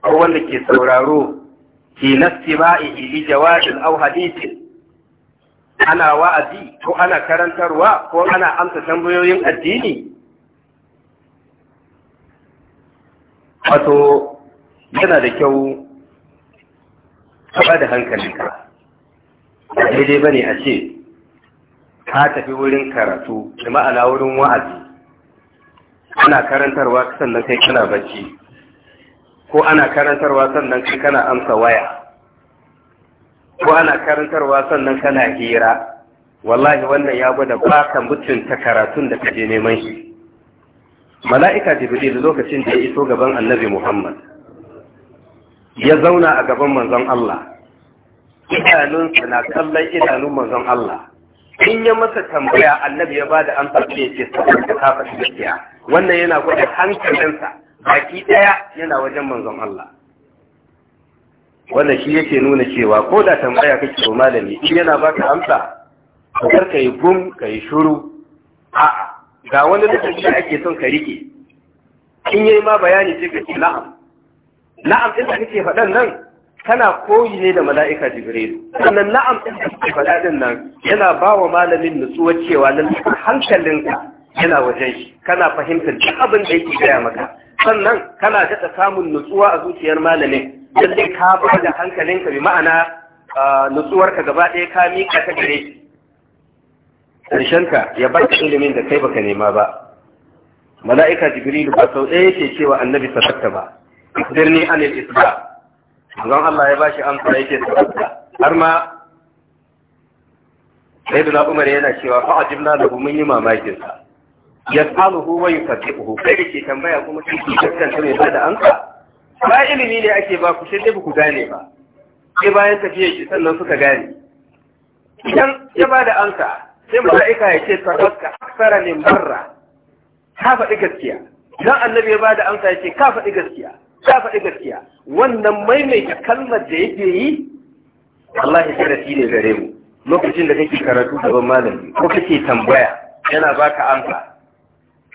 A: ko wanda ke sauraro حين استماعه لجواب أو حديث أنا وأدي كو أنا كرن تروى كو أنا أمس تنبيوين الديني wato yana da kyau taɓa da hankalinka ba daidai ba ne a ce ka tafi wurin karatu da ma'ana wurin wa'azi ana karantarwa sannan kai kana bacci ko ana karantarwa sannan kai kana amsa waya ko ana karantarwa sannan kana hira wallahi wannan ya gwada baka ka mutunta karatun da kaje neman shi mala'ika jibril lokacin da ya iso gaban annabi muhammad ya zauna a gaban manzon Allah idanunsa na kallon idanun manzon Allah in ya masa tambaya annabi ya ba bada amsa ce ce saboda ka faɗi gaskiya wannan yana gwada hankalinsa baki daya yana wajen manzon Allah wannan shi yake nuna cewa ko da tambaya kake ko malami in yana baka amsa ka kar yi gum yi shuru a'a ga wani lokaci da ake son ka rike in yayi ma bayani sai ka ce na'am na'am din da kake faɗan nan kana koyi ne da mala'ika jibril sannan na'am din da kake faɗa din nan yana ba wa malamin nutsuwar cewa lallai hankalinka yana wajen shi kana fahimtar duk abin da yake gaya maka sannan kana daɗa samun nutsuwa a zuciyar malamin yadda ka ba da hankalinka bi ma'ana nutsuwar ka gaba ɗaya ka miƙa ta gare ƙarshenka ya ba ka ilimin da kai baka nema ba mala'ika jibrilu ba sau ɗaya yake cewa annabi sabakta ba birni anil isra don Allah ya bashi amsa yake sabakta har ma sayyidina umar yana cewa fa'ajibna lahu mun yi mamakin sa Ya yi fafi yusaddiquhu kai da ke tambaya kuma kai ke gaskanta mai ba an anka ba ilimi ne ake ba ku sai dai ku gane ba sai bayan tafiya ke sannan suka gane idan ya ba an anka sai mala'ika ya ce tafaska aksara ne marra ka faɗi gaskiya idan annabi ya ba an anka ya ce ka faɗi gaskiya ka faɗi gaskiya wannan maimaita kalmar da yake yi wallahi darasi ne gare mu lokacin da kake karatu gaban malami ko kake tambaya yana baka amsa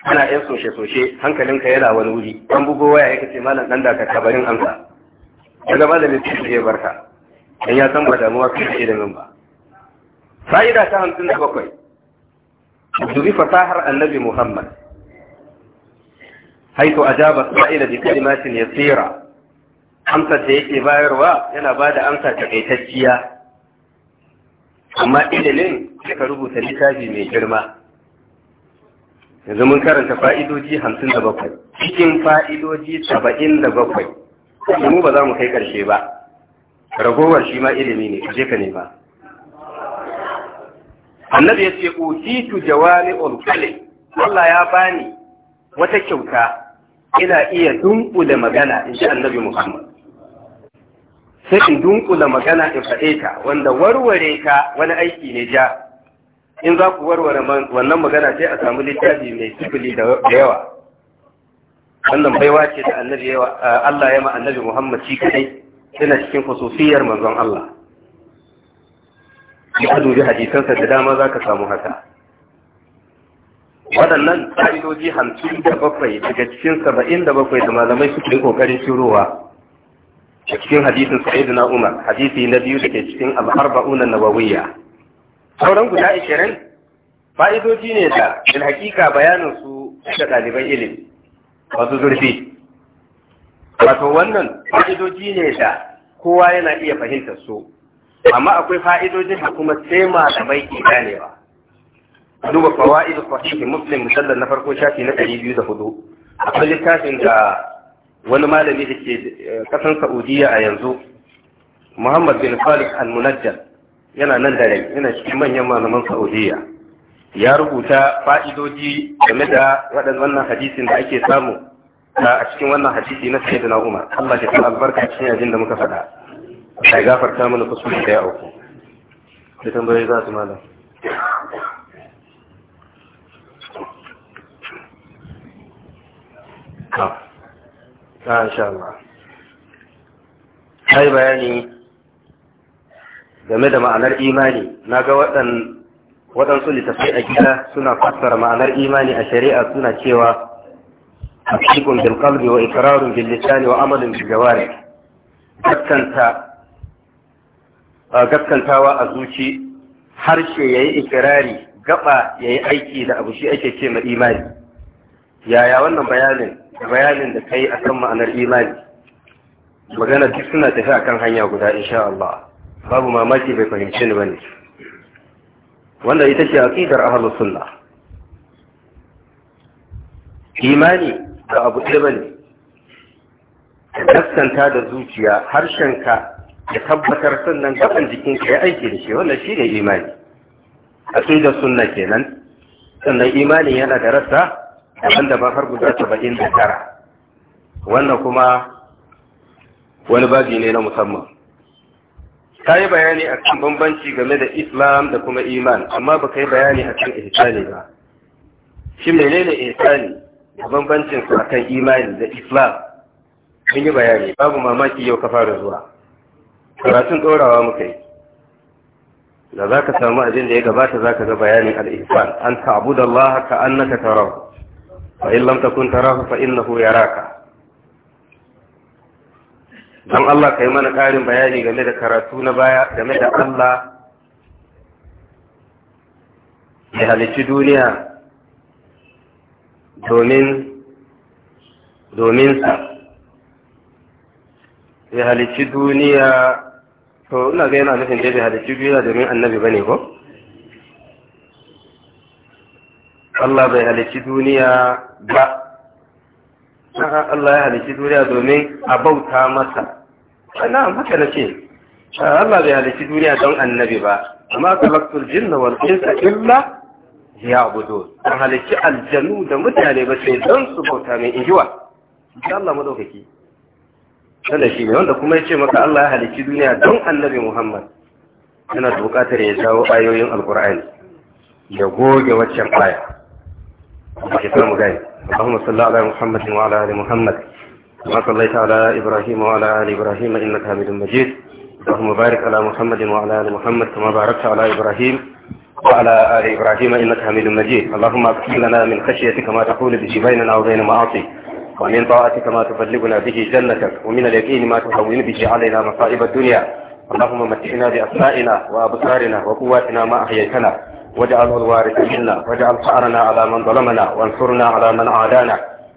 A: ana yan soshe-soshe hankalinka yana wani wuri an bugo waya ya kace malam dan da ka kabarin amsa daga malami sai ya barka dan ya san ba damuwa kai ce da min ba fa'ida ta 57 dubi fasahar annabi Muhammad haitu ajaba sa'ila bi kalimatin yasira amsa da yake bayarwa yana bada amsa takaitacciya amma ilimin sai ka rubuta littafi mai girma yanzu mun karanta fa'idoji hamsin da bakwai cikin fa'idoji saba'in da bakwai mu ba za mu kai ƙarshe ba ragowar shi ma ilimi ne ka je ka nema annabi ya ce utitu jawami ulkali Allah ya bani wata kyauta ina iya da magana in ji annabi Muhammad sai in da magana in faɗe ka wanda warware ka wani aiki ne ja in za ku warware wannan magana sai a samu littafi mai sifili da yawa wannan baiwa ce da annabi yawa Allah ya ma annabi Muhammad shi kadai yana cikin fasofiyar manzon Allah ya dubi hadisansa da dama zaka samu haka waɗannan ƙa'idoji hamsin da bakwai daga cikin saba'in da bakwai da malamai suke ƙoƙarin shirowa a cikin hadisin sa'id na umar hadisi na biyu da ke cikin al'arba'una nawawiyya sauran guda ashirin fa'idoji ne da in hakika bayanin su da ɗaliban ilimi masu zurfi wato wannan fa'idoji ne da kowa yana iya fahimtar su amma akwai fa'idojin da kuma sai malamai ke ganewa duba fawa'id fahimtar muslim musallar na farko shafi na 204 akwai littafin da wani malami da ke kasan eh, sa'udiyya a yanzu Muhammad bin Falis al-Munajjal yana nan da rai yana cikin manyan malaman Saudiya ya rubuta fa'idoji game da waɗannan hadisin da ake samu a cikin wannan hadisi na na Umar Allah ya sa albarka cikin yajin da muka faɗa gafar gafarta mana kuskure da ya auku da tambayoyi za su malam Ah, insha Allah. Hai bayani game da ma'anar imani na ga waɗansu littafai a gida suna fassara ma'anar imani a shari'a suna cewa hakikun cikin bilkalbi wa ikirarun bilisani wa amalin jawari gaskantawa a zuci harshe ya yi ikirari gaba ya yi aiki da abu shi ake ce ma imani yaya wannan bayanin bayanin da kai akan ma'anar imani magana duk suna tafi akan hanya guda insha Allah babu mamaki bai fahimci ni bane wanda ita ce aqidar ahlus sunna imani da abu ɗaya bane gaskanta da zuciya harshenka ya tabbatar sannan gaban jikinka ya aiki da shi wannan shine imani aqidar sunna kenan sannan imani yana da rasa da ba har guda 79 wannan kuma wani babi ne na musamman ka yi bayani a kan bambanci game da islam da kuma iman amma ba ka yi bayani a kan ihsani ba shi menene ihsani da bambancin su akan imani da islam mun yi bayani babu mamaki yau ka fara zuwa karatun ɗorawa muka yi da za ka samu abin da ya gabata za ka ga bayanin al'ihsan an ta'budallaha ka annaka tarahu fa in lam takun tarahu fa innahu yaraka don Allah ka yi mana ƙarin bayani game da karatu na baya game da Allah ya halicci duniya domin sa. ya halicci duniya to ina ga yana nufin da ya halicci duniya domin annabi ba ne ko? Allah bai halicci duniya ba Allah ya halicci duniya domin a bauta masa na'am haka na ce Allah bai halici duniya don annabi ba amma kalaktul jinna wal insa illa gudu. an halici aljanu da mutane ba sai don su bauta mai injiwa insha Allah madaukaki kada shi ne wanda kuma ya ce maka Allah ya halici duniya don annabi Muhammad yana da bukatar ya jawo ayoyin alqur'ani ya goge waccan aya ba ki samu gani Allahumma salli ala Muhammadin wa ala Muhammadin. Muhammad كما صليت على إبراهيم وعلى آل إبراهيم إنك حميد مجيد اللهم بارك على محمد وعلى آل محمد كما باركت على إبراهيم وعلى آل إبراهيم إنك حميد مجيد اللهم اكفنا لنا من خشيتك ما تقول به بيننا وبين معاصيك ومن طاعتك ما تبلغنا به جنتك ومن اليقين ما تهون به علينا مصائب الدنيا اللهم متعنا بأسمائنا وأبصارنا وقواتنا ما أحييتنا واجعله الوارث منا واجعل ثأرنا على من ظلمنا وانصرنا على من عادانا